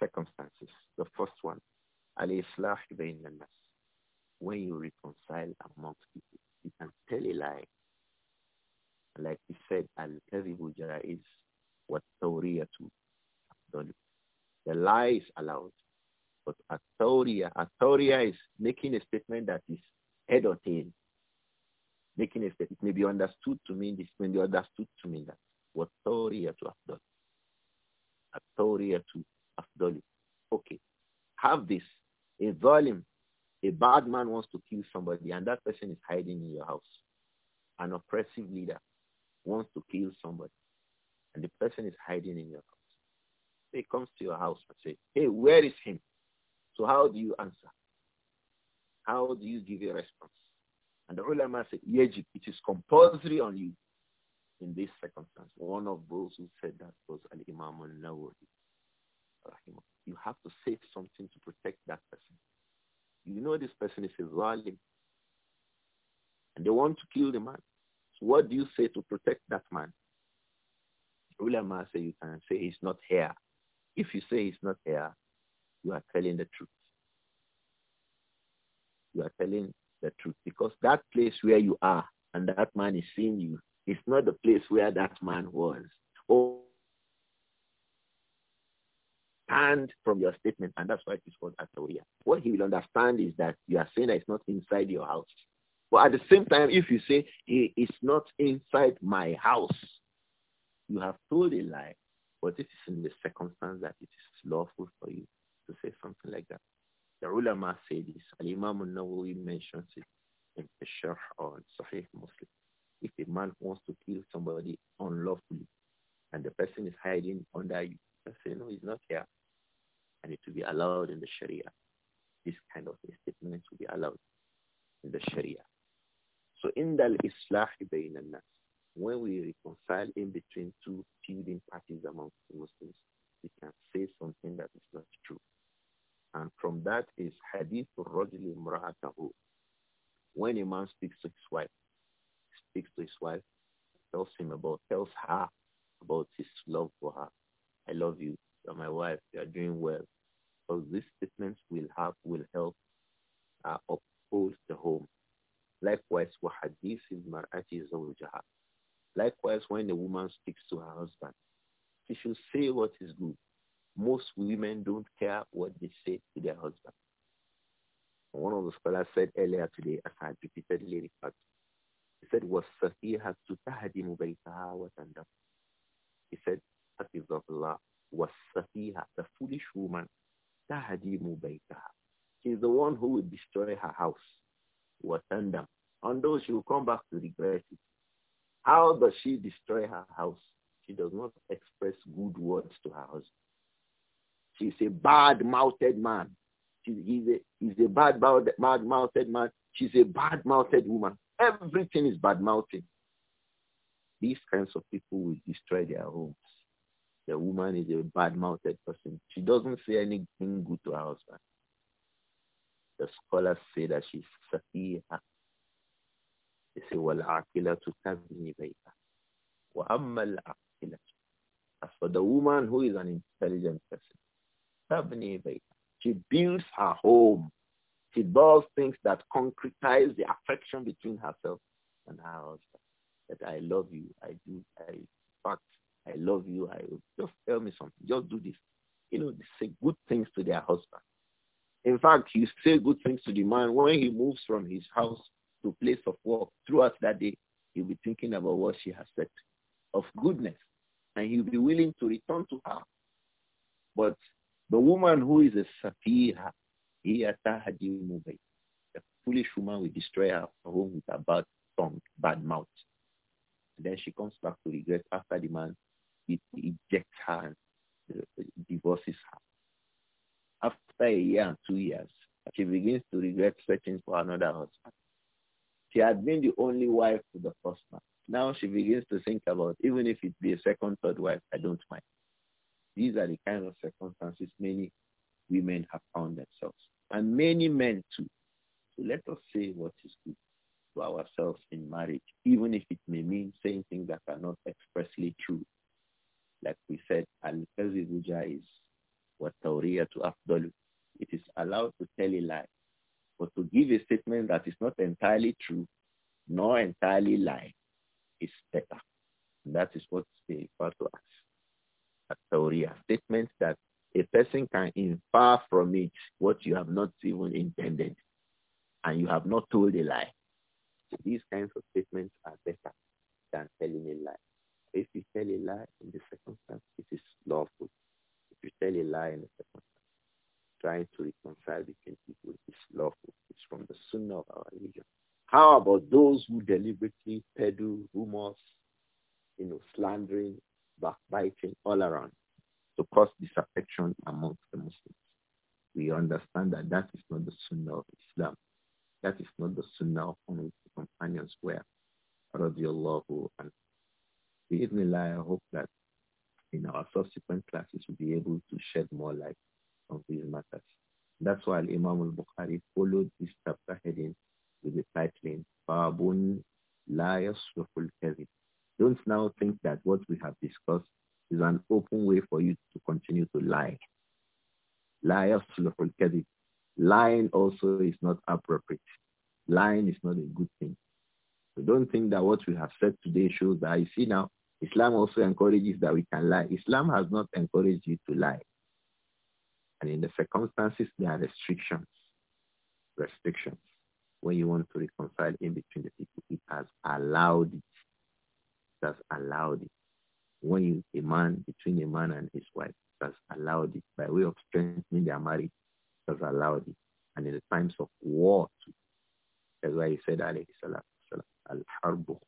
circumstances. The first one, Al-Islah When you reconcile amongst people, you can tell a lie. Like he said, Al-Kadhibu is what Abdullah. The lie is allowed. But Atawriya, Atawriya is making a statement that is head or tail. Making a statement, it may be understood to mean this, may be understood to mean that. What Tawriya to Abdullah. Atawriya to Afdol. Okay, have this. A volume, a bad man wants to kill somebody and that person is hiding in your house. An oppressive leader wants to kill somebody and the person is hiding in your house. he comes to your house and says, hey, where is him? So how do you answer? How do you give a response? And the ulama said, Yejib, it is compulsory on you in this circumstance. One of those who said that was Al-Imam al-Nawawi. You have to say something to protect that person. You know this person is a And they want to kill the man. So what do you say to protect that man? Ulama say you can say he's not here. If you say he's not here, you are telling the truth. You are telling the truth because that place where you are and that man is seeing you is not the place where that man was. Oh, understand from your statement, and that's why it is called atawiyah. What he will understand is that you are saying that it's not inside your house. But at the same time, if you say it is not inside my house, you have told a lie. But this is in the circumstance that it is lawful for you to say something like that. The ulama say this. Al-Imam al-Nawawi mentions it in the Sharh on Sahih Muslim. If a man wants to kill somebody unlawfully and the person is hiding under you, you say, no, he's not here. And it will be allowed in the Sharia. This kind of statement will be allowed in the Sharia. So in the Islah Bain Nas, when we reconcile in between two feuding parties amongst the Muslims, we can say something that is not true. And from that is hadith rajuli imra'atahu. When a man speaks to his wife, speaks to his wife, tells him about, tells her about his love for her. I love you and my wife, they are doing well. So these statements will have will help uh, uphold the home. Likewise, wahadith mar'ati zawjaha. Likewise, when a woman speaks to her husband, she should say what is good. Most women don't care what they say to their husband. One of the scholars said earlier today, as I repeatedly referred he said, وَالسَّفِيهَةُ تَهْدِمُ بَيْتَهَا وَتَنْدَمُ He said, Hafiz of the foolish woman, She is the one who will destroy her house. And though she will come back to regret it. How does she destroy her house? She does not express good words to her husband. She is a bad-mouthed man. She, he's, a, he's a bad, mouthed man. She's a bad-mouthed woman. Everything is bad mouthed These kinds of people will destroy their homes. The woman is a bad-mouthed person. She doesn't say anything good to her husband. The scholars say that she's safiha. They say, وَالْعَاقِلَةُ تَبْنِي بَيْهَا وَأَمَّا الْعَاقِلَةُ As for the woman who is an intelligent person, تَبْنِي She builds her home. She does things that concretize the affection between herself and her husband. That I love you, I do, I fact, I love you. I just tell me something. Just do this. You know, say good things to their husband. In fact, you say good things to the man when he moves from his house to place of work. Throughout that day, he'll be thinking about what she has said of goodness, and he'll be willing to return to her. But the woman who is a safiha, the foolish woman will destroy her home with a bad tongue, bad mouth. And then she comes back to regret after the man it ejects her, uh, divorces her. After a year two years, she begins to regret searching for another husband. She had been the only wife to the first man. Now she begins to think about, even if it be a second, third wife, I don't mind. These are the kind of circumstances many women have found themselves, and many men too. So let us say what is good to ourselves in marriage, even if it may mean saying things that are not expressly true like we said, Al-Kazibuja is what Tawriya to Afdol. It is allowed to tell a lie. But to give a statement that is not entirely true, nor entirely lie, is better. And that is what they refer to as Tawriya. Statements that a person can infer from it what you have not even intended and you have not told a lie. So these kinds of statements are better than telling a lie. If you tell a lie in the second time, it is lawful. If you tell a lie in the time, trying to reconcile between people is lawful. It's from the sunnah of our religion. How about those who deliberately peddle rumors, you know, slandering, backbiting all around to cause disaffection amongst the Muslims? We understand that that is not the sunnah of Islam. That is not the sunnah of the companions were. Alhamdulillah, I hope that in our subsequent classes we'll be able to shed more light on these matters. That's why Imam al-Bukhari followed this chapter heading with the titling Babun La Yasruful Kevin. Don't now think that what we have discussed is an open way for you to continue to lie. La Yasruful Kevin. Lying also is not appropriate. Lying is not a good thing. So don't think that what we have said today shows that I see now Islam also encourages that we can lie. Islam has not encouraged you to lie. And in the circumstances, there are restrictions. Restrictions. When you want to reconcile in between the people, it has allowed it. It has allowed it. When you, a man, between a man and his wife, it has allowed it. By way of strengthening their marriage, it has allowed it. And in the times of war, too. That's why he said, alayhi salam, al-harbu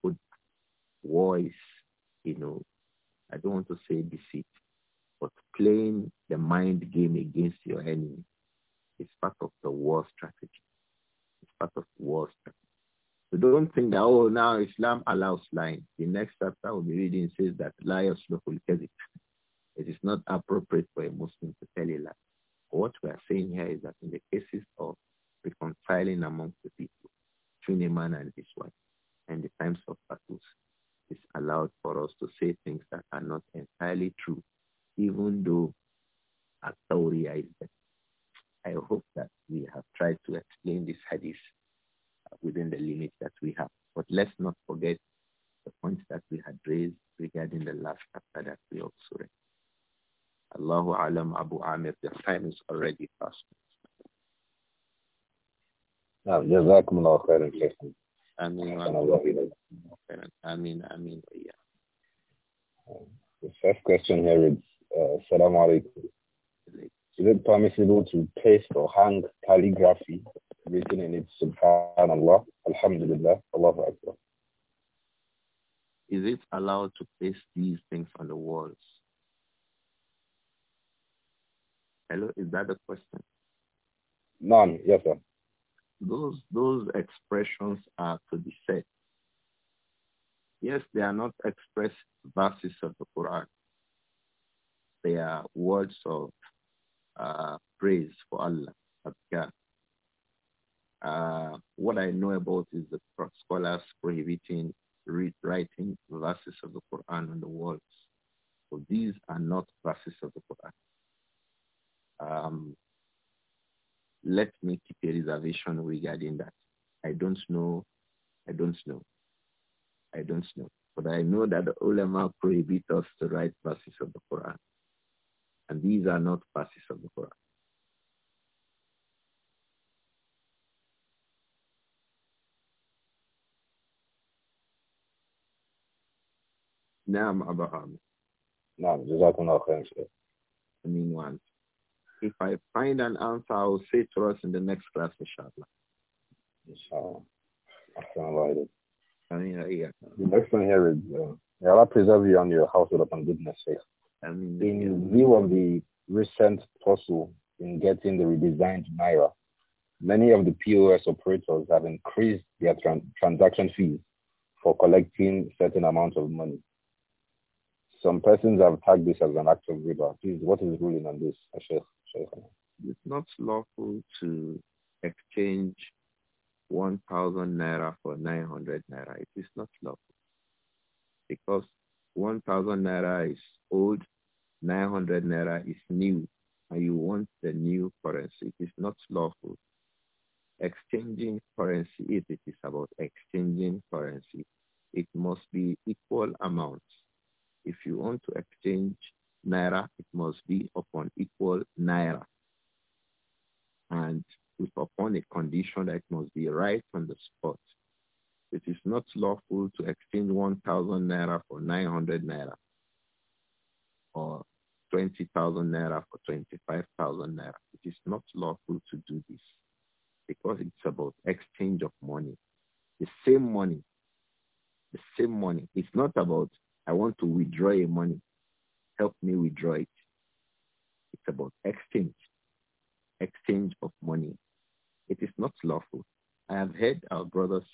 war is you know, I don't want to say deceit, but playing the mind game against your enemy is part of the war strategy. It's part of war strategy. So don't think that, oh, now Islam allows lying. The next chapter we'll be reading says that liars lawful it. It is not appropriate for a Muslim to tell a lie. What we are saying here is that in the cases of reconciling amongst the people, between a man and his wife, and the times of battles, it's allowed for us to say things that are not entirely true, even though Atawriya is I hope that we have tried to explain this hadith uh, within the limits that we have. But let's not forget the points that we had raised regarding the last chapter that we also read. Allahu alam Abu Amir, the time is already past. نعم جزاكم khairan mean, I mean, yeah. Um, the first question here is: uh, Salam uh, alaikum. Is it permissible to paste or hang calligraphy written in it, subhanallah, alhamdulillah, Allahu Akbar? Is it allowed to paste these things on the walls? Hello, is that the question? None, yes sir. Those, those expressions are to be said. Yes, they are not express verses of the Quran. They are words of uh, praise for Allah. Uh, uh, what I know about is the scholars prohibiting rewriting verses of the Quran on the walls. So these are not verses of the Quran. Um, let me keep a reservation regarding that. I don't know. I don't know. I don't know. But I know that the ulama prohibit us to write verses of the Quran. And these are not verses of the Quran. نعم أبا عامر نعم جزاكم الله The mean وأنتم if I find an answer, I will say to us in the next class, inshallah. Inshallah. The next one here is, uh, may Allah preserve you and your household upon goodness, Sheikh. In view of the recent tussle in getting the redesigned Naira, many of the POS operators have increased their tran transaction fees for collecting certain amounts of money. Some persons have tagged this as an act of riba. Please, what is the ruling on this, Ashes? It's not lawful to exchange 1,000 naira for 900 naira. It is not lawful because 1,000 naira is old, 900 naira is new, and you want the new currency. It is not lawful. Exchanging currency, if it is about exchanging currency, it must be equal amounts. If you want to exchange naira, it must be upon equal naira. And with upon a condition that it must be right on the spot. It is not lawful to exchange 1,000 naira for 900 naira or 20,000 naira for 25,000 naira. It is not lawful to do this because it's about exchange of money. The same money, the same money. It's not about I want to withdraw a money. brothers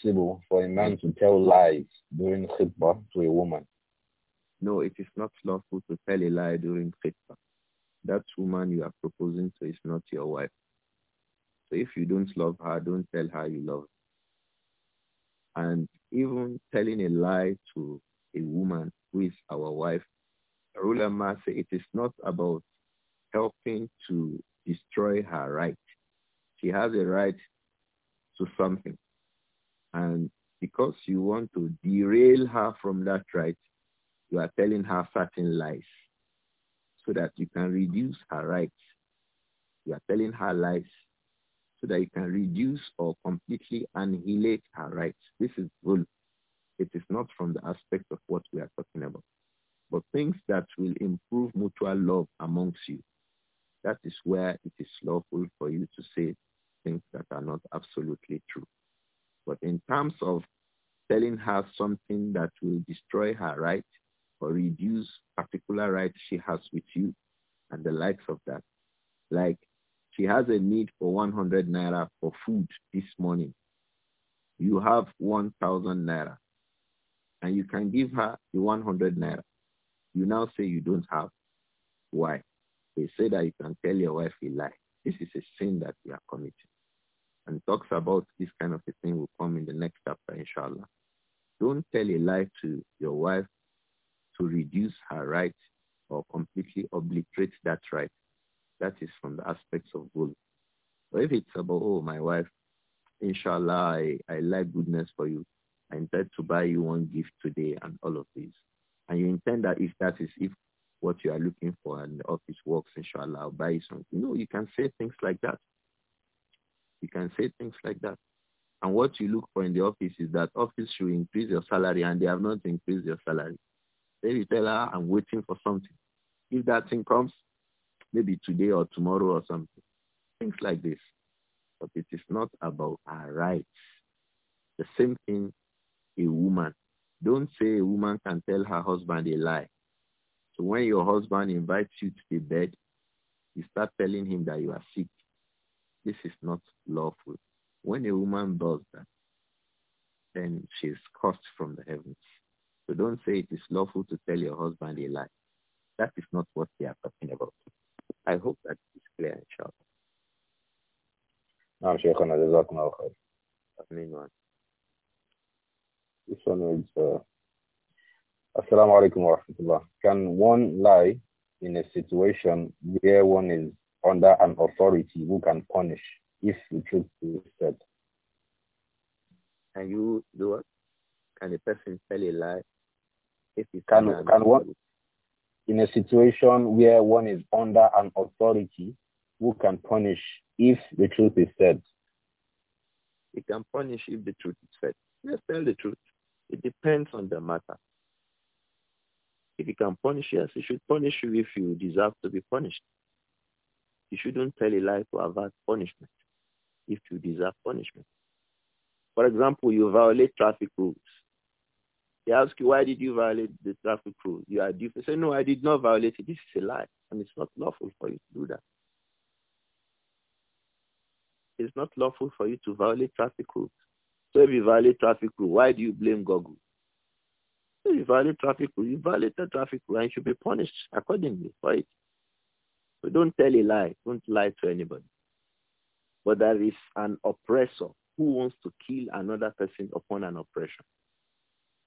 permissible for a man to tell lies during khitbah to a woman? No, it is not lawful to tell a lie during khitbah. That woman you are proposing to is not your wife. So if you don't love her, don't tell her you love her. And even telling a lie to a woman who is our wife, ulama say it is not about helping to destroy her right. She has a right to something. And because you want to derail her from that right, you are telling her certain lies so that you can reduce her rights. You are telling her lies so that you can reduce or completely annihilate her rights. This is bull. It is not from the aspect of what we are talking about. But things that will improve mutual love amongst you. That is where it is lawful for you to say things that are not absolutely true. But in terms of telling her something that will destroy her right or reduce particular right she has with you and the likes of that, like she has a need for 100 naira for food this morning. You have 1,000 naira and you can give her the 100 naira. You now say you don't have. Why? They say that you can tell your wife a lie. This is a sin that you are committing. And talks about this kind of a thing will come in the next chapter, inshallah. Don't tell a lie to your wife to reduce her right or completely obliterate that right. That is from the aspects of gold. But if it's about, oh, my wife, inshallah, I, I like goodness for you. I intend to buy you one gift today and all of this. And you intend that if that is if what you are looking for and the office works, inshallah, I'll buy you something. You know, you can say things like that. You can say things like that. And what you look for in the office is that office should increase your salary and they have not increased your salary. Then you tell her, I'm waiting for something. If that thing comes, maybe today or tomorrow or something. Things like this. But it is not about our rights. The same thing, a woman. Don't say a woman can tell her husband a lie. So when your husband invites you to the bed, you start telling him that you are sick this is not lawful. When a woman does that, then she is cursed from the heavens. So don't say it is lawful to tell your husband a lie. That is not what we are talking about. I hope that is clear, inshallah. نعم شيخنا جزاكم الله خير. آمين وأنتم. This one is uh, Assalamu alaikum wa rahmatullah. Can one lie in a situation where one is under an authority who can punish if the truth is said. Can you do what? Can a person tell a lie? If he can can one in a situation where one is under an authority who can punish if the truth is said? He can punish if the truth is said. Let's tell the truth. It depends on the matter. If he can punish, yes, he should punish you if you deserve to be punished. You shouldn't tell a lie to avert punishment if you deserve punishment. For example, you violate traffic rules. They ask you, why did you violate the traffic rules? You are different. say, no, I did not violate it. This is a lie. And it's not lawful for you to do that. It's not lawful for you to violate traffic rules. So if you violate traffic rules, why do you blame Google? If you violate traffic rules, you violate the traffic rules and you should be punished accordingly for it. So don't tell a lie. Don't lie to anybody. But there is an oppressor who wants to kill another person upon an oppression.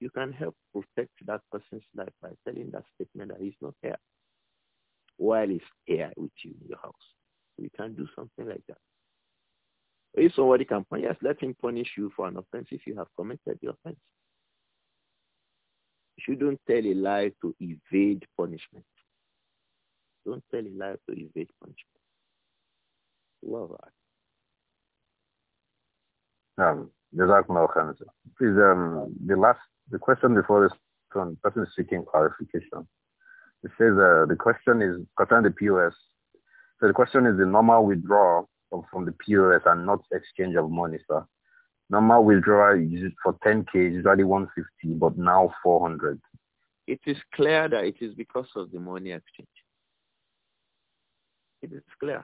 You can help protect that person's life by telling that statement that he's not here while he's here with you in your house. You can do something like that. If somebody can punish, yes, let him punish you for an offense if you have committed the offense. You shouldn't tell a lie to evade punishment. Don't tell a lie to evade punishment. Love um, Please, um, the last, the question before this one, person seeking clarification. It says uh, the question is concerning the POS. So the question is the normal withdrawal from the POS and not exchange of money, sir. Normal withdrawal is for 10K is usually 150, but now 400. It is clear that it is because of the money exchange. It is clear.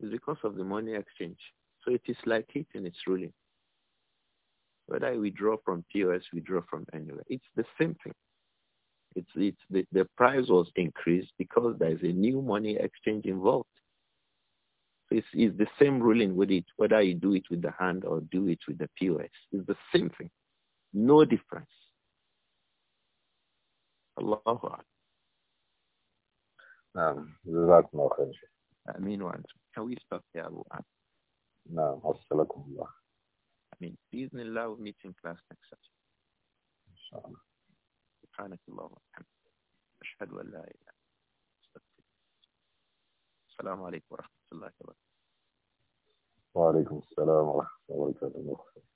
It's because of the money exchange. So it is like it in its ruling. Whether I withdraw from POS, withdraw from anywhere, it's the same thing. It's, it's the, the price was increased because there is a new money exchange involved. So it's, it's the same ruling with it, whether you do it with the hand or do it with the POS. It's the same thing. No difference. Allahu Akbar. Um, آمين وأنتم Can we stop here, Abu? نعم حسنكم الله آمين بإذن الله we'll meet in class next session إن شاء الله سبحانك اللهم وبحمدك أشهد أن لا إله إلا أنت السلام عليكم ورحمة الله وبركاته وعليكم السلام ورحمة الله وبركاته